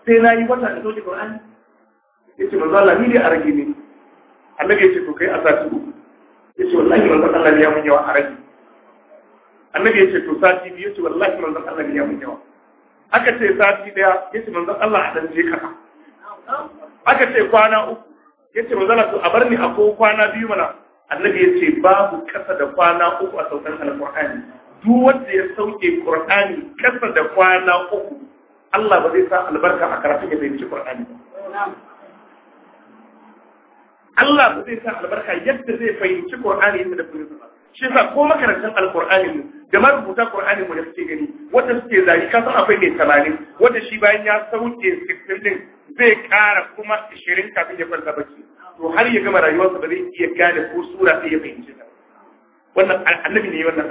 sai na yi wata da dole qur'ani yace manzon Allah ni dai a rage ne annabi yace to kai a sati uku yace wallahi manzon Allah ya mun yawa a rage annabi yace to sati biyu yace wallahi manzon Allah ya mun yawa aka ce sati daya yace manzon Allah a dan je kasa aka ce kwana uku yace manzala to a bar ni a ko kwana biyu mana annabi yace babu kasa da kwana uku a saukar alqur'ani duk wanda ya sauke qur'ani kasa da kwana uku Allah ba zai sa albarka a karatun ya ci qur'ani ba Allah ba zai sa albarka yadda zai fahimci qur'ani yadda da fahimta shi yasa ko makarantar alqur'ani mu da marubuta qur'ani mu da suke gani wanda suke zari ka san akwai mai tamanin wanda shi bayan ya sauke 60 din zai ƙara kuma 20 kafin ya kwanta baki to har ya gama rayuwarsa ba zai iya gane ko sura sai ya fahimci ta wannan annabi ne wannan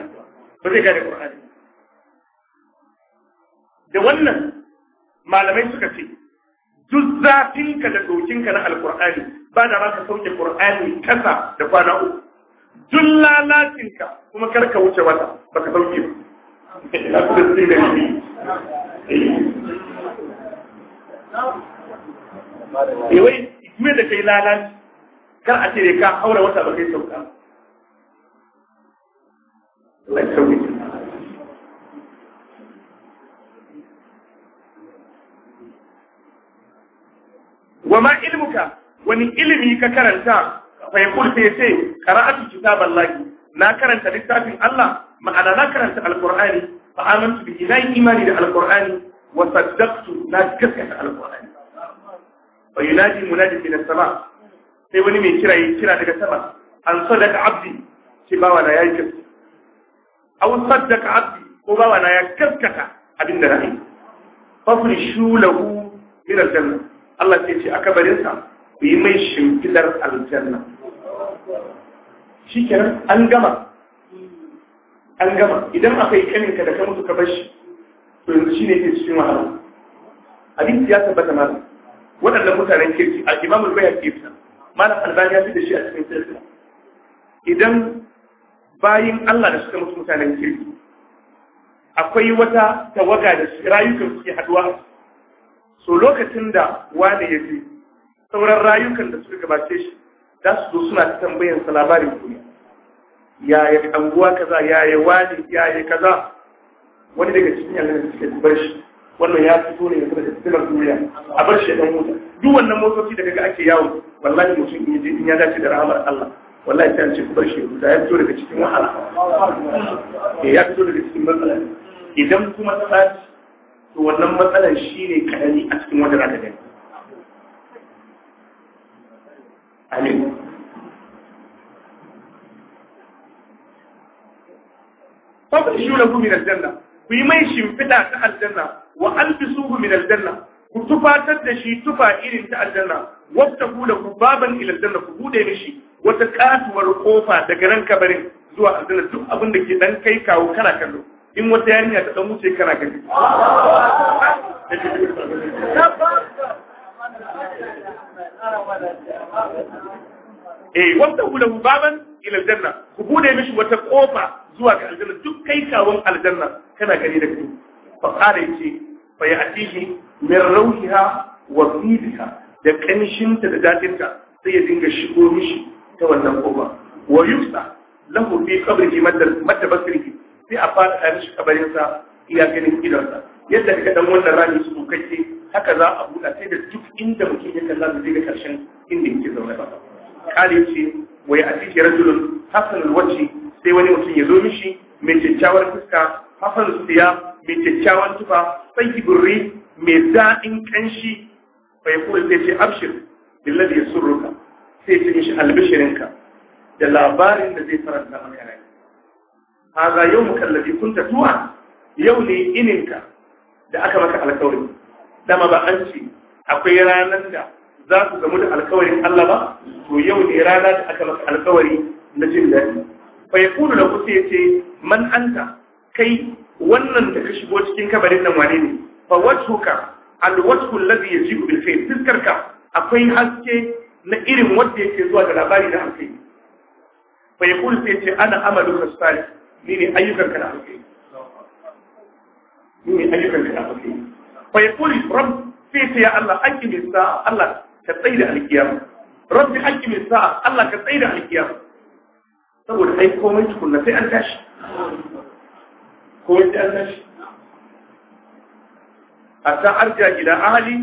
ba zai gane Qur'ani da wannan malamai suka ce duk ka da ka na alkur'ani ba da ba ka sauke qur'ani kasa da kwana uku duk lalacinka kuma karka wuce wata ba ka sauke ba yawai eh, me da kai lalaci kar a cire ka haura wata ba kai sauka wa ma ilmuka wani ilimi ka karanta fa yaqul sai sai qara'atu kitaballahi na karanta littafin Allah ma'ana na karanta alqur'ani fa amantu bihi na imani da Alƙur'ani. wa saddaqtu na gaskata alqur'ani wa yunadi munadi min as-sama sai wani mai kira yi kira daga sama an sadaka abdi ce bawa na yayi gaskiya aw abdi ko bawa na ya gaskata abin da nayi fafrishu lahu ila al Allah a kabarinsa ku yi mai shimfidar aljanna an gama an gama idan akwai kaninka da ka mutu ka bar shi Yanzu shi ne ke cikin wahala hadisi ya tabbata malam waɗannan mutanen kirki a imamul bayan kifta malam albani ya fi da shi a cikin sirri idan bayin Allah da suka mutu mutanen kirki akwai wata tawaga da rayukan suke haduwa so lokacin da wani ya je sauran rayukan da suka gabace shi za su zo suna ta tambayan sa labarin duniya yaya anguwa kaza yaya wani yaya kaza wani daga cikin yalan da suke bar shi wannan ya fito ne yanzu daga fitilar duniya a bar shi dan mota duk wannan motoci da kaga ake yawo wallahi mutum in je in ya dace da rahmar Allah wallahi sai an ce ku bar shi da ya fito daga cikin wahala eh ya fito daga cikin matsala idan kuma ta tsaci to wannan matsalan shine kadari a cikin wajen da gani amin فاخرجوا له من الجنه ku yi mai shimfiɗa ta aljanna wa albisuhu min aljanna ku tufatar da shi tufa irin ta aljanna wata kula ku baban ila aljanna ku bude mishi wata katuwar kofa daga ran kabarin zuwa aljanna duk abin da ke dan kai kawo kana kallo in wata yarinya ta dan wuce kana gani eh wata kula ku baban ila aljanna ku bude mishi wata kofa zuwa ga aljanna duk kai kawon aljanna kana gani da ido fa qala yace fa ya'tihi min wa fiha da kanshinta da datinta sai ya dinga shigo mishi ta wannan kofa wa yusa lahu fi qabrihi madda basrihi sai a fara a mishi kabarin sa iya ganin idonsa yadda daga dan wannan rami su kake haka za a buɗa sai da duk inda mutum ya kalla zai ga karshen inda yake zaune ba kale yace wa ya'tihi rajulun hasanul wajhi sai wani mutum ya zo mishi mai kyakkyawar fuska hasan siya mai kyakkyawan tufa sai burri mai daɗin ƙanshi bai kuma sai ce abshir billahi yasurruka sai ce mishi albishirinka da labarin da zai faranta maka rai haza yau mukallafi kunta tuwa yau ne ininka da aka maka alkawari dama ba an ce akwai ranar da za ku gamu da alkawarin Allah ba to yau ne rana da aka maka alkawari na jin daɗi fa yaqulu lahu sai ce man anta kai wannan da ka shigo cikin kabarin nan wane ne fa al alwajhu alladhi yajibu bil fayl fiskarka akwai haske na irin wanda yake zuwa da labari da haske fa yaqul sai ce ana amalu kasali ni ne ayyukan ka da haske ni ne ayyukan ka da haske fa yaqul rabb sai ya Allah aqim sa'a Allah ka tsaye alkiyama rabbi aqim sa'a Allah ka tsaye da alkiyama saboda ai komai tukunna sai an tashi ko ya an tashi a san arja gida ahali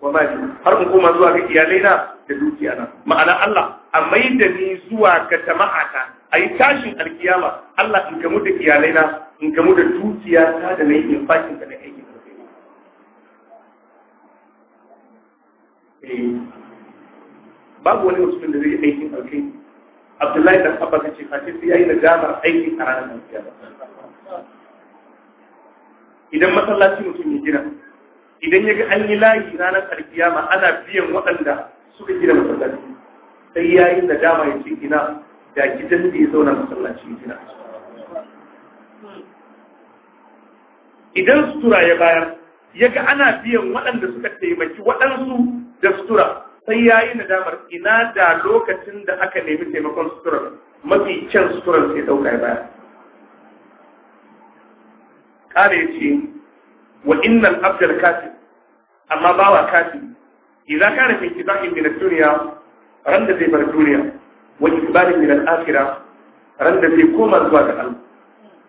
wa mali har in koma zuwa ga iyalai na da dukiya na ma'ana Allah a da ni zuwa ga jama'a ta a yi tashin alkiyama Allah in gamu da iyalai na in gamu da dukiya ta da mai in fashin da na aiki eh, babu wani musulmin da zai yi aikin alkai Abdullahi da Abba kace face sai yayi nadamar aikin a ranar alkiyama idan masallaci mutum ya gina idan ya ga an yi layi ranar alkiyama ana biyan waɗanda suka gina masallaci sai ya yi nadama ya ce gina da gidan da ya zauna masallaci ya gina idan sutura ya bayar ya ga ana biyan waɗanda suka taimaki waɗansu da sutura sai ya yi nadamar ina da lokacin da aka nemi taimakon suturar mafi kyan suturar sai ɗauka ya bayar kare ce wa innal abdal kafir amma bawa kafir idan kare fi kitabin min duniya ran da zai bar duniya wa isbalin min al-akhirah ran da zai koma zuwa ga Allah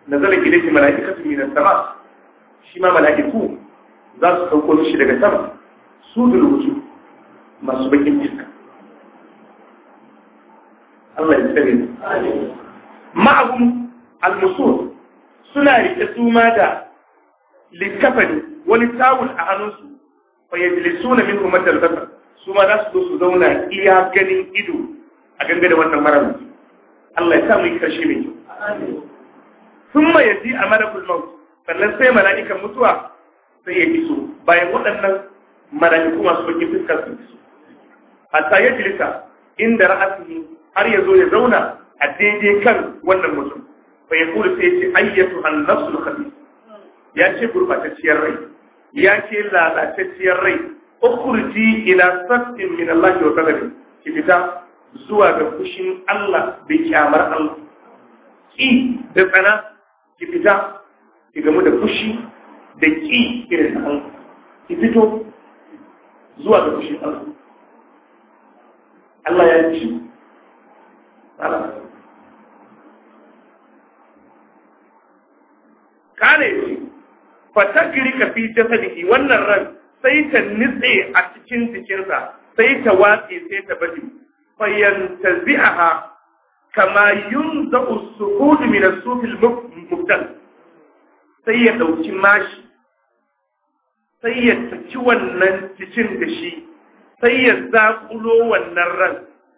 nazala ilayhi malaikatu min as-sama shi ma malaiku za su sauko shi daga sama su dulwuju masu bakin jiska Allah ya tsare mu ma'ahum al-musul suna riƙe su ma da littafani wani tawul a hannunsu fa suna min da basar su ma za su zo su zauna iya ganin ido a gangare wannan marar Allah ya sa mu yi karshe mai kyau ya yaji a mara kulmau sannan sai mala'ikan mutuwa sai ya iso bayan waɗannan mala'iku masu bakin fuskar sun su a ya jilisa inda ra'asihi har ya zo ya zauna a daidai kan wannan mutum fa yaqulu sai ce ayyatu an-nafsul khabith ya ce gurbatacciyar rai ya ce lalatacciyar rai ukhruji ina safin min Allah wa qadari ki fita zuwa ga kushin Allah da kyamar Allah ki da tsana ki fita da kushi da ki Allah ki fito zuwa ga kushin Allah Allah ya ce Allah kare shi ta ka fi jasadihi wannan ran sai ta nitse a cikin jikinsa sai ta watse sai ta baje fayantazi'aha kama yunza'u as-suhud min as-sufil mubtal sai ya dauki mashi sai ya tafi wannan cikin da shi sai ya zaƙulo wannan ran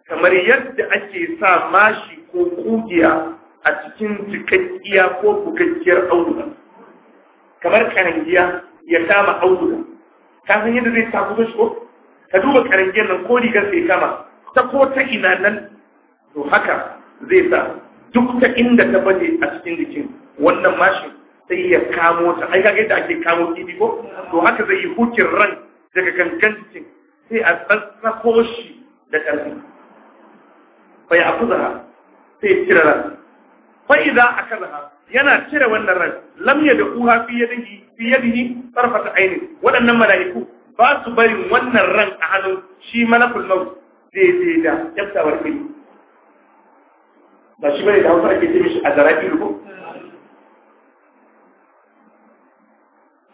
kamar yadda ake sa mashi ko ƙugiya. a cikin cikakkiya ko bukakkiyar auduga kamar karangiya ya kama auduga ka san yadda zai tafi shi ka duba karangiyar nan ko rigar sai kama ta ko ta ina nan to haka zai sa duk ta inda ta bade a cikin jikin wannan mashin sai ya kamo ta ai kaga yadda ake kamo kifi ko to haka zai yi hukin ran daga gangan jikin sai a tsatsako shi da ƙarfi bai a sai cire ran fa'iza akazaha yana cire wannan ran lam yad'uha fi yadihi fi yadihi tarfata ainin waɗannan mala'iku ba su barin wannan ran a hannun shi malakul maut daidai da yaftawar kai ba shi bane da hausa ake ce mishi azra'ilu ko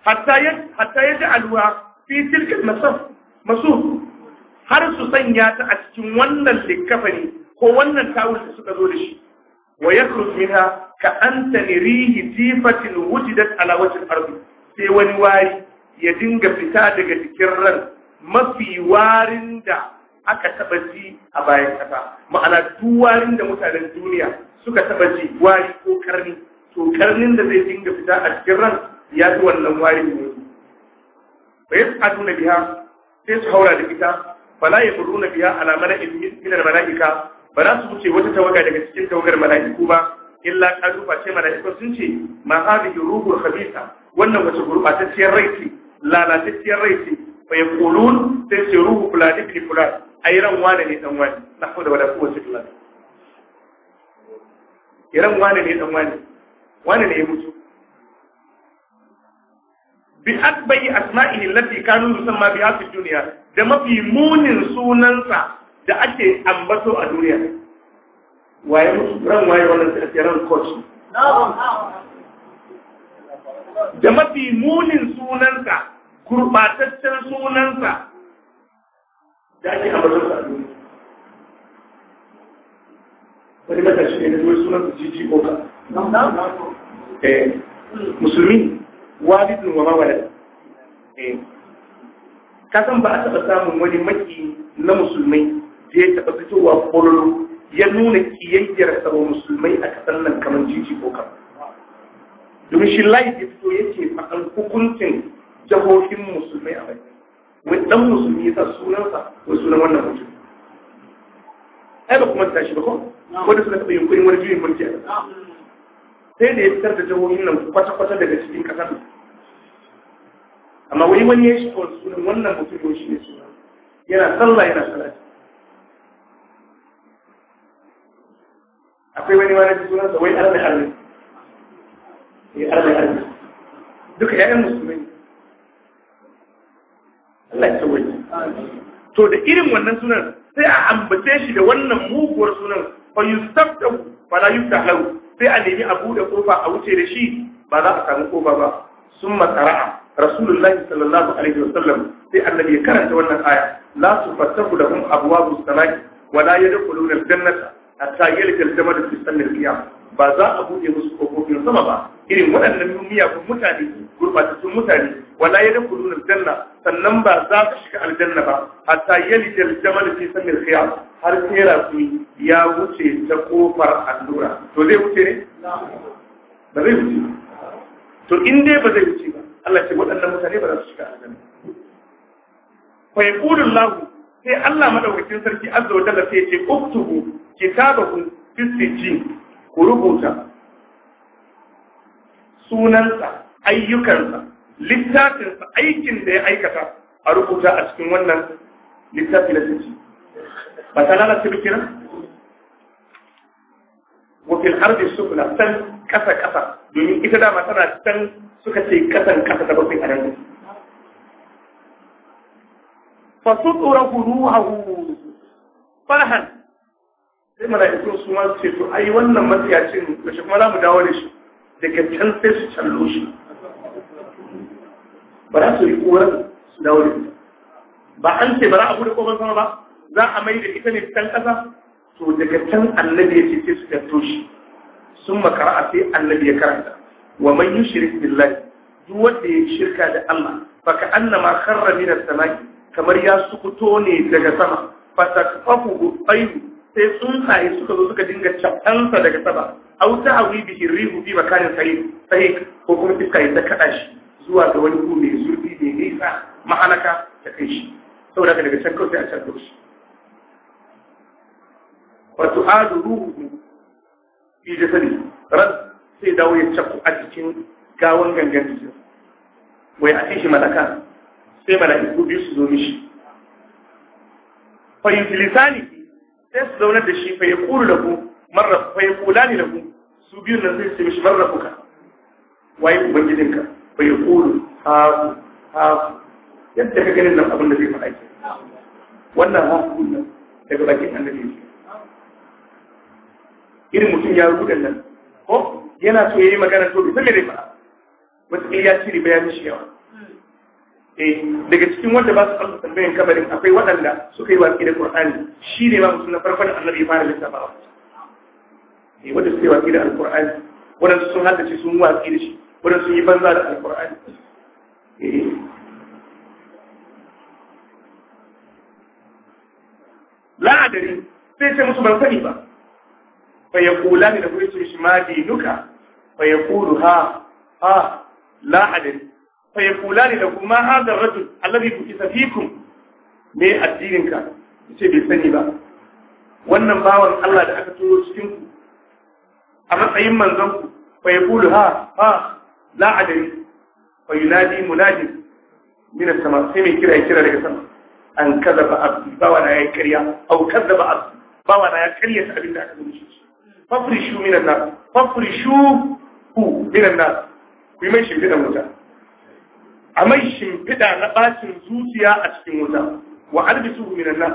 hatta hatta ya ja'aluha fi tilka masaf masu har su sanya ta a cikin wannan likkafani ko wannan tawul da suka zo da shi wa yakhruj minha ka antani rihi tifatin wujidat ala wajhi al sai wani wari ya dinga fita daga cikin ran mafi warin da aka taba ji a bayan kasa ma'ana duk warin da mutanen duniya suka taba ji wari ko karni to karnin da zai dinga fita a cikin ran ya fi wannan wari ne bai su aduna biya sai su haura da ita fala ya buru na biya ala mana ilmi minar mala'ika ba za su wuce wata tawaga daga cikin tawagar mala'iku ba illa kalufa ce mala'iku sun ce ma hadhihi ruhul khabitha wannan wace gurbatacciyar rai ce lalatacciyar rai ce fa yaqulun sai ce ruhu fulani bi fulani ai ran wane ne dan wani na da wala kowace kula ran wane ne dan wani wane ne ya mutu bi akbayi asma'ihi allati kanu yusamma biha fi dunya da mafi munin sunansa da ake ambato a duniya waye ran waye wannan sai ake ran coach da mafi munin sunansa kurbataccen sunansa da ake ambato a duniya wani matashi ne wani sunansa jiji oka eh, musulmi walidun wa mawalad eh, kasan ba a taɓa samun wani maki na musulmai da ya taɓa fitowa ƙololo ya nuna ƙiyayyar tsaro musulmai a kasar nan kamar jiji kan. domin shi layi ya fito ya ce faɗan hukuncin jahohin musulmai a bai wani ɗan musulmi ya sa sunansa ko sunan wannan mutum ai ba kuma shi ba ko wanda suka taɓa yunkurin wani juyin mulki a sai da ya fitar da jahohin nan kwata-kwata daga cikin ƙasar amma wai wani ya shi sunan wannan mutum ko shi ne sunan yana sallah yana salati akwai wani wani sunan sa wai arzai arzai ya arzai eh, arzai duka 'ya'yan musulmai Allah ya tsawaye to da irin wannan sunan sai a ambace shi da wannan muguwar sunan fa yustaftahu fala yuftahu sai a nemi a da kofa a wuce da shi ba za a samu kofa ba summa qara'a rasulullahi sallallahu alaihi wasallam sai annabi ya karanta wannan aya la tufattahu lahum abwabus samai wala yadkhuluna al-jannata hatta yalkal da fi da qiyam ba za a buɗe musu kofofin sama ba irin waɗannan miyakun mutane gurbatattun mutane wala ya dafa nuna janna sannan ba za su shiga aljanna ba hatta yali da aljamal fi sanin har kera su ya wuce ta kofar allura to zai wuce ne ba zai wuce to in dai ba zai wuce ba Allah ce waɗannan mutane ba za su shiga aljanna fa yaqulu Allah sai Allah madaukakin sarki azza wa jalla sai ya ce uktubu kitabahu fi ku rubuta sunansa ayyukansa littafinsa aikin da ya aikata a rubuta a cikin wannan littafi na sijjin ba ta lalace bikin kenan wafin harbi sufla can kasa kasa domin ita dama tana can suka ce kasan kasa ta bakwai a nan fasu tsoron huruhahu farhan sai mala'ikun su ma ce to ai wannan matsiyacin da shi kuma za mu dawo da shi daga can sai su callo shi ba za su yi koran su dawo da ita ba an ce ba za a bude kofar sama ba za a mai da ita ne can ƙasa to daga can annabi ya ce sai su tatto shi sun makara a sai annabi ya karanta wa man yushrik billahi duk wanda ya shirka da Allah fa ka annama kharra min as-samai kamar ya sukuto ne daga sama fa takfafu ayyu sai tsuntsaye suka zo suka dinga cabansa daga saba au ta awi bihi rihu fi makanin sahih sahih ko kuma iska ya kada shi zuwa ga wani gu mai zurfi mai nisa mahalaka ta kai shi saboda ka daga can kawai sai a can shi wa tu'adu ruhu fi jasadi ran sai dawo ya cakku a cikin gawan gangan jikin wai a cikin malaka sai mala'iku biyu su zo mishi fa yusilisani sai su zaunar da shi fai ya da ku marra fai kula ne da ku, su biyun nan sai su mishi marra kuka waye ubangijinka Ka fai kulu ha ha yadda ka ganin nan abin da zai faɗa ke wannan ha nan daga bakin annabi ne irin mutum ya rubuta nan ko yana so ya yi magana to bai san me zai faɗa wata ya ci riba ya mishi yawa Eh, daga cikin wanda ba su amsa tambayan kabarin akwai waɗanda suka yi watsi da Qur'ani shi ne ma musu na farko da annabi ya fara lissafawa eh wanda suka yi watsi da alqur'ani wanda sun haddace sun watsi da shi wanda sun yi banza da alqur'ani eh la'adari sai ce musu ban sani ba fa yaqulani da kuma su shi ma dinuka fa yaqulu ha ha la'adari fa yaqulani lakum ma hadha ar-rajul alladhi bu'itha fikum me addinin ka yace bai sani ba wannan bawan Allah da aka turo cikin ku a matsayin manzon ku fa yaqulu ha ha la adri fa yunadi munadi min as-sama sai mai kira kira daga sama an kazaba abdi bawa na ya karya au kazaba abdi bawa na ya karya abin da aka zo shi fafrishu minan nas fafrishu hu minan nas ku yi mai shimfiɗan wuta a mai shimfiɗa na ɓacin zuciya a cikin wuta wa arbisu minan nan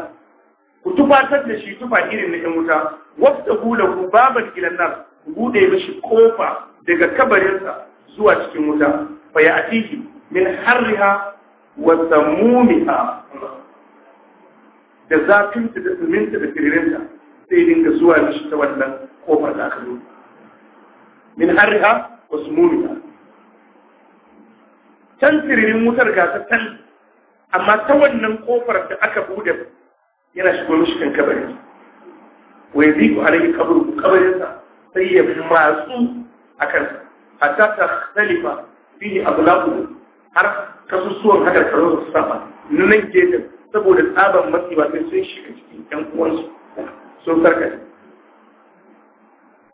ku tufatar da shi tufa irin na ƴan wuta wasta gula ku babar gilan nan ku buɗe mishi kofa daga kabarinsa zuwa cikin wuta fa ya atihi min harriha wa samumiha da zafinta da tsuminta da firirinta sai dinga zuwa mishi ta wannan kofar da aka zo min harriha wa samumiha can tiririn wutar gasa ta can amma ta wannan kofar da aka buɗe yana shigo mishi kan kabari wai zai ku alaihi kabarin kabarinsa sai ya masu a kansa hatta ta salifa fiye abulaku har kasusuwan hakar karo su saba nunan gefen saboda tsaban matsi ba sai sun shiga cikin yan uwansu sun karkace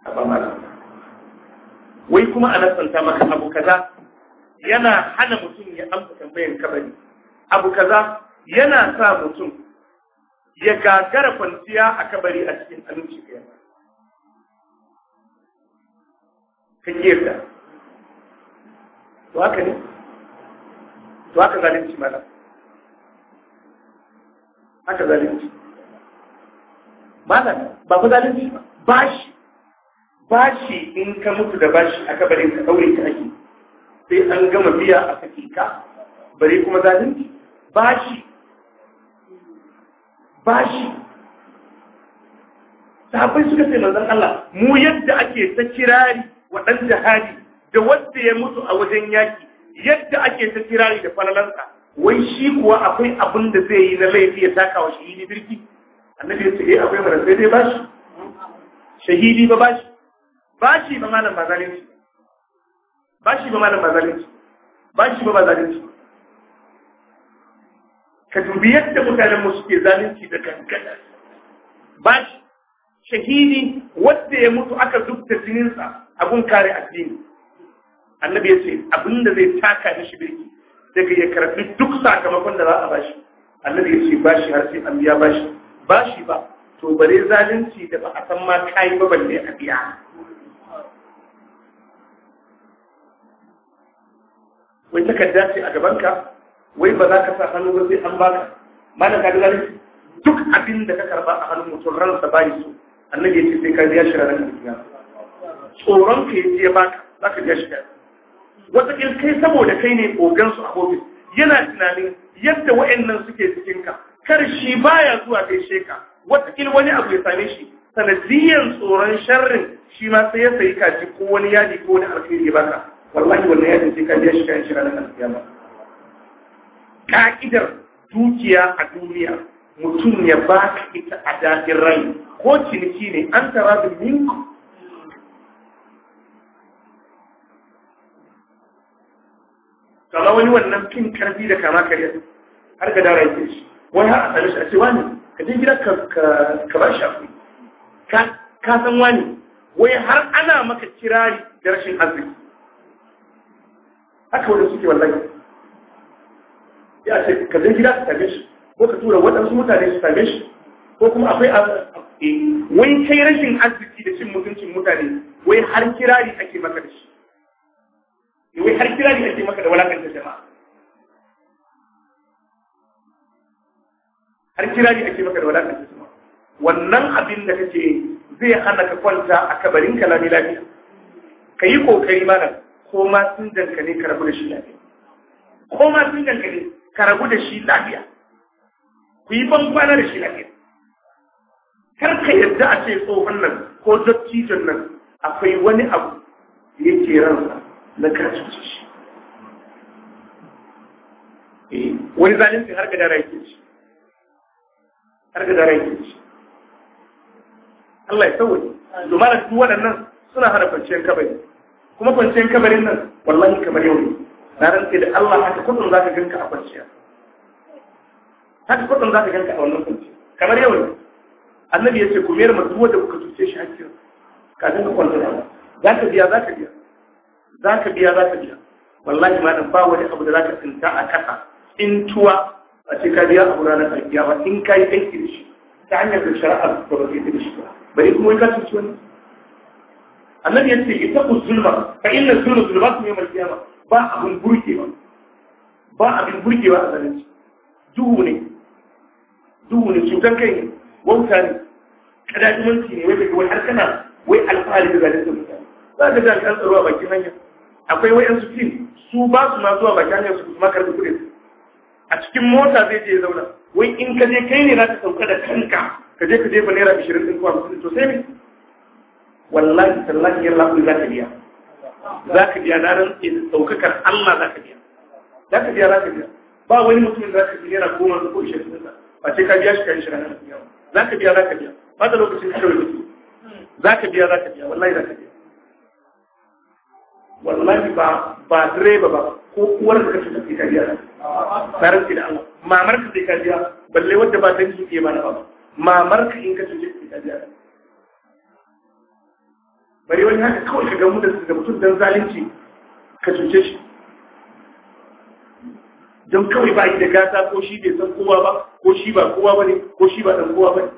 a ba wai kuma a nasanta maka abu kaza yana hana mutum ya amsa tambayan kabari abu kaza yana sa mutum ya gagara kwanciya a kabari a cikin aminci ɗaya ka yarda to haka ne to haka zalunci mana haka zalunci malam ba ku zalunci ba bashi shi in ka mutu da bashi a kabarin ka ɗaure ka ake sai an gama biya a hakika bare kuma zalunci bashi bashi sahabbai suka ce manzan Allah mu yadda ake ta kirari wa dan jihadi da wanda ya mutu a wajen yaki yadda ake ta kirari da falalansa wai shi kuwa akwai abin da zai yi na laifi ya taka wa shahidi birki annabi ya ce eh, akwai mara sai dai bashi shahidi ba bashi bashi ba malam ba zalunci ba shi ba malam ba zalunci ba shi ba ba ka dubi yadda mutanen mu suke zalunci da kankana ba shi shahidi wanda ya mutu aka zubta jininsa abun kare addini annabi ya ce abinda zai taka da shi birki daga ya karbi duk sakamakon da za a bashi annabi ya ce bashi har sai an biya bashi bashi ba to bare zalunci da ba a san ma kai ba balle a biya wai takarda ce a gabanka wai ba za ka sa hannu ba sai an baka malam ka duk abin da ka karba a hannun mutum sa bai so annabi ya sai ka biya shi ranar kiyama tsoron ka yaji ya baka za ka biya shi da wata kai saboda kai ne ogansu a ofis yana tunanin yadda wa'annan suke cikin ka kar shi baya zuwa kai ka wata wani abu ya same shi sanadiyan tsoron sharrin shi ma sai ya sayi kaji ko wani yadi ko wani alkhairi ya baka wallahi wanda ya tafi kan ya shiga shiga nan kiyama ka'idar dukiya a duniya mutum ya ba ka ita a daɗin rai ko ciniki ne an tara da minku kama wani wannan fin karfi da kama karya har ga dara yake shi wani har a same shi a ce wani ka je gida ka ba shi hakuri ka san wani wai har ana maka kirari da rashin arziki haka wani suke wallahi ya ce ka zai gida su same shi ko ka tura waɗansu mutane su same shi ko kuma akwai eh, wai kai rashin arziki da cin mutuncin mutane wai har kirari ake maka da shi eh, wai har kirari ake maka da walakanta jama'a har kirari ake maka da walakanta jama'a wannan abin da kake zai hana ka kwanta a kabarin kalami lafiya ka yi kokari mana Koma sun dankali ka rabu da shi lafiya koma sun dankali ka rabu da shi lafiya ku yi ban kwana da shi lafiya kar ka yarda a ce tsohon nan ko dattijon nan akwai wani abu da yake ransa na karcince shi eh, wani zalunci har dara yake ci har dara yake ci Allah ya sauwa domin duk waɗannan suna hana kwanciyar kabari kuma kwanciyar kabarin nan wallahi kamar yau ne na rantse da Allah haka kudin za ka ganka a kwanciya haka kudin za ka ganka a wannan kwanciya kamar yau ne annabi ya ce ku mayar masu wanda kuka cuce shi hakkin kafin ka kwanta da za ka biya za ka biya za ka biya za ka biya wallahi ma ba wani abu da za ka tsinta a kasa in tuwa a ce ka biya abu ranar alkiyama in ka yi aiki da shi ta hanyar da shara'a da ba ka da shi ba bari kuma ka cuci wani annabi yace ittaqu zulma fa inna zulma zulmatun yawm al-qiyama ba abin burkewa ba abin burkewa a zalunci duhu ne duhu ne cutar kai ne wauta ne kadajimanci ne wai kake wai har kana wai alfahari da zalunci mutane za ka ga an tsaro a bakin hanya akwai wayansu fil su ba su na zuwa bakin hanya su kuma karɓi kudi a cikin mota zai je zauna wai in ka je kai ne za ka sauka da kanka ka je ka jefa naira ashirin ɗin kuma mutum to sai ne wallahi tallahi yalla ku za ka biya za ka biya na ran daukakar Allah za ka biya za ka biya za ka biya ba wani mutum da za ka biya na goma ko ishirin da ba ce ka biya shi kai shi ranar biya za ka biya za ka biya ba da lokacin kawai mutu za ka biya za ka biya wallahi za ka biya wallahi ba ba direba ba ko uwar ka ce take biya tsarin ki da Allah mamar ka biya balle wanda ba ta ke ba na ba mamar in ka ce take kariya bari wani haka kawai ka gamu da mutum don zalunci ka cuce shi don kawai ba da gata ko shi bai san kowa ba ko shi ba kowa ba ne ko shi ba dan kowa ba ne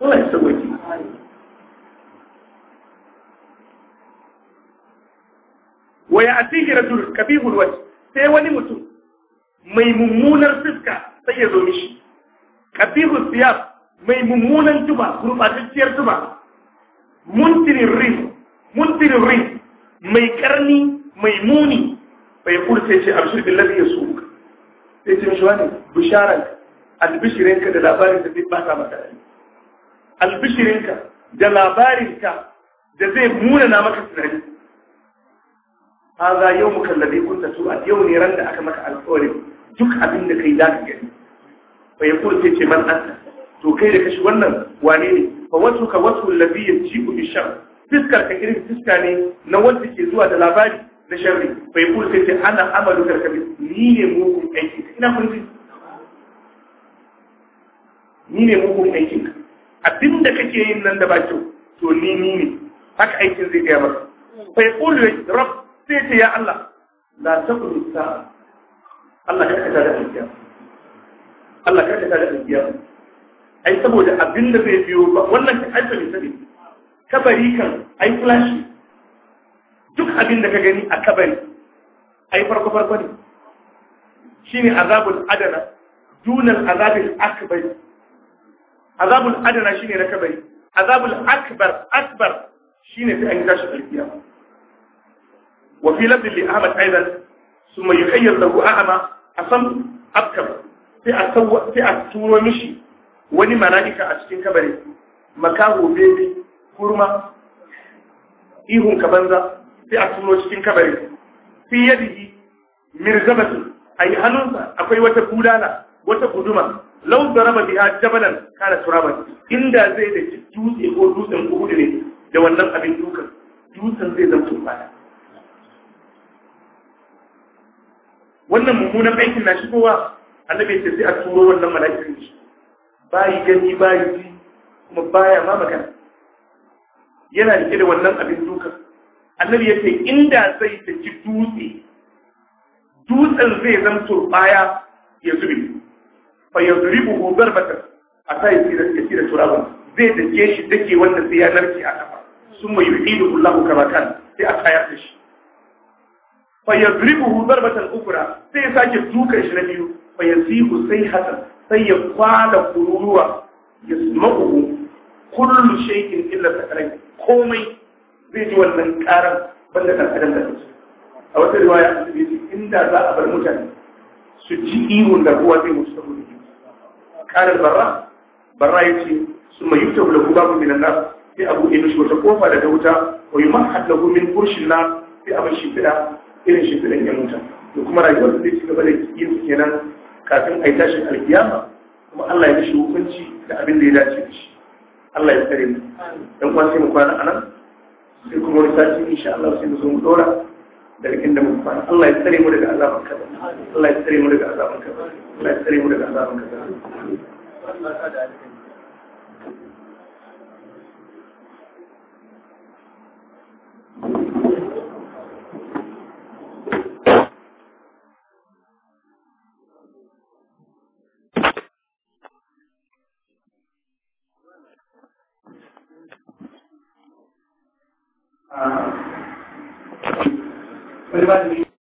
Allah ya sauwaki wa ya atihi rajul kabihul wajh sai wani mutum mai mummunar fuska sai ya zo mishi kabihul siyab mai mummunan tuba gurbatacciyar juba. muntirin ris muntirin ris mai karni mai muni bai kuri sai ce abshir billahi ya sai ce mishi wani bisharan albishirinka da labarin da zai bata maka rai albishirinka da labarinka da zai na maka tunani haza yau muka lalle kunta su a yau ne ran da aka maka alƙawarin duk abin da kai za ka gani bai kuri sai ce man anta to kai da kashi wannan wane ne Ka wasu, wajhu alladhi yajibu bi shar fiskar ka irin fiska ne na wanda ke zuwa da labari na sharri bai kula sai ce ana amalu bi ni ne mugun aiki ina kun ni ne mugun aikin abinda kake yin nan da ba kyau to ni ni ne haka aikin zai gaya masa bai kula rab sai ce ya Allah la taqul sa Allah ka ka da kiyama Allah ka ka da kiyama ai saboda abin da zai biyo ba wannan ka aika mai sani kabari kan ai flashi duk abin da ka gani a kabari ai farko farko ne shine azabul adana dunal azabil akbar azabul adana shine na kabari azabul akbar akbar shine sai an tashi alkiya wa fi labdin li ahmad aidan summa yukhayyal lahu a'ama asam abkar sai a sai a turo mishi wani mala'ika a cikin kabari makaho bebe kurma ihun kabanza, sai a tuno cikin kabari fi yadihi mirzabatu ai hannunsa akwai wata gudana wata guduma lau zaraba biha jabalan kana turaban inda zai da dutse ko dutsen kuhudu ne da wannan abin dukan dutsen zai zama tumbaya wannan mummunan aikin na shigowa annabi sai a turo wannan mala'ikan shi bayi gani bayi ji kuma baya ma magana yana rike da wannan abin duka annabi ya ce inda zai ci dutse dutsen zai zanto baya ya zubi fa ya zubi buhu zarbata a sa ya tsira turaban zai dake shi dake wannan sai ya narke a kafa sun mai yi ilu kullahu kama kan sai a tayar da shi fa ya zubi buhu zarbata ukura sai ya sake dukan shi na biyu fa ya sihu sai hasan sai ya kwana kururuwa ya sumaku kullu shaykin illa sakarai komai zai ji wannan karan banda kan adam da su a wata riwaya an ce inda za a bar mutane su ji ihun da ruwa zai musu saboda ji barra barra ya ce su mai yuta wula ku babu minan nan sai a buɗe mishi wata kofa da ta wuta wa yi mahadda min burshin na sai a shi fida irin fidan yan wuta da kuma rayuwar da zai ci gaba da yin kenan kafin a yi tashin alkiyama kuma Allah ya mishi hukunci da abin da ya dace da shi Allah ya tsare mu dan kwan sai mu kwana a nan, sai kuma wani sati insha Allah sai mu zo mu dora daga inda mu kwana Allah ya tsare mu daga azabin kaza Allah ya tsare mu daga azabin kaza Allah ya tsare mu daga azabin kaza Thank you. wani ba da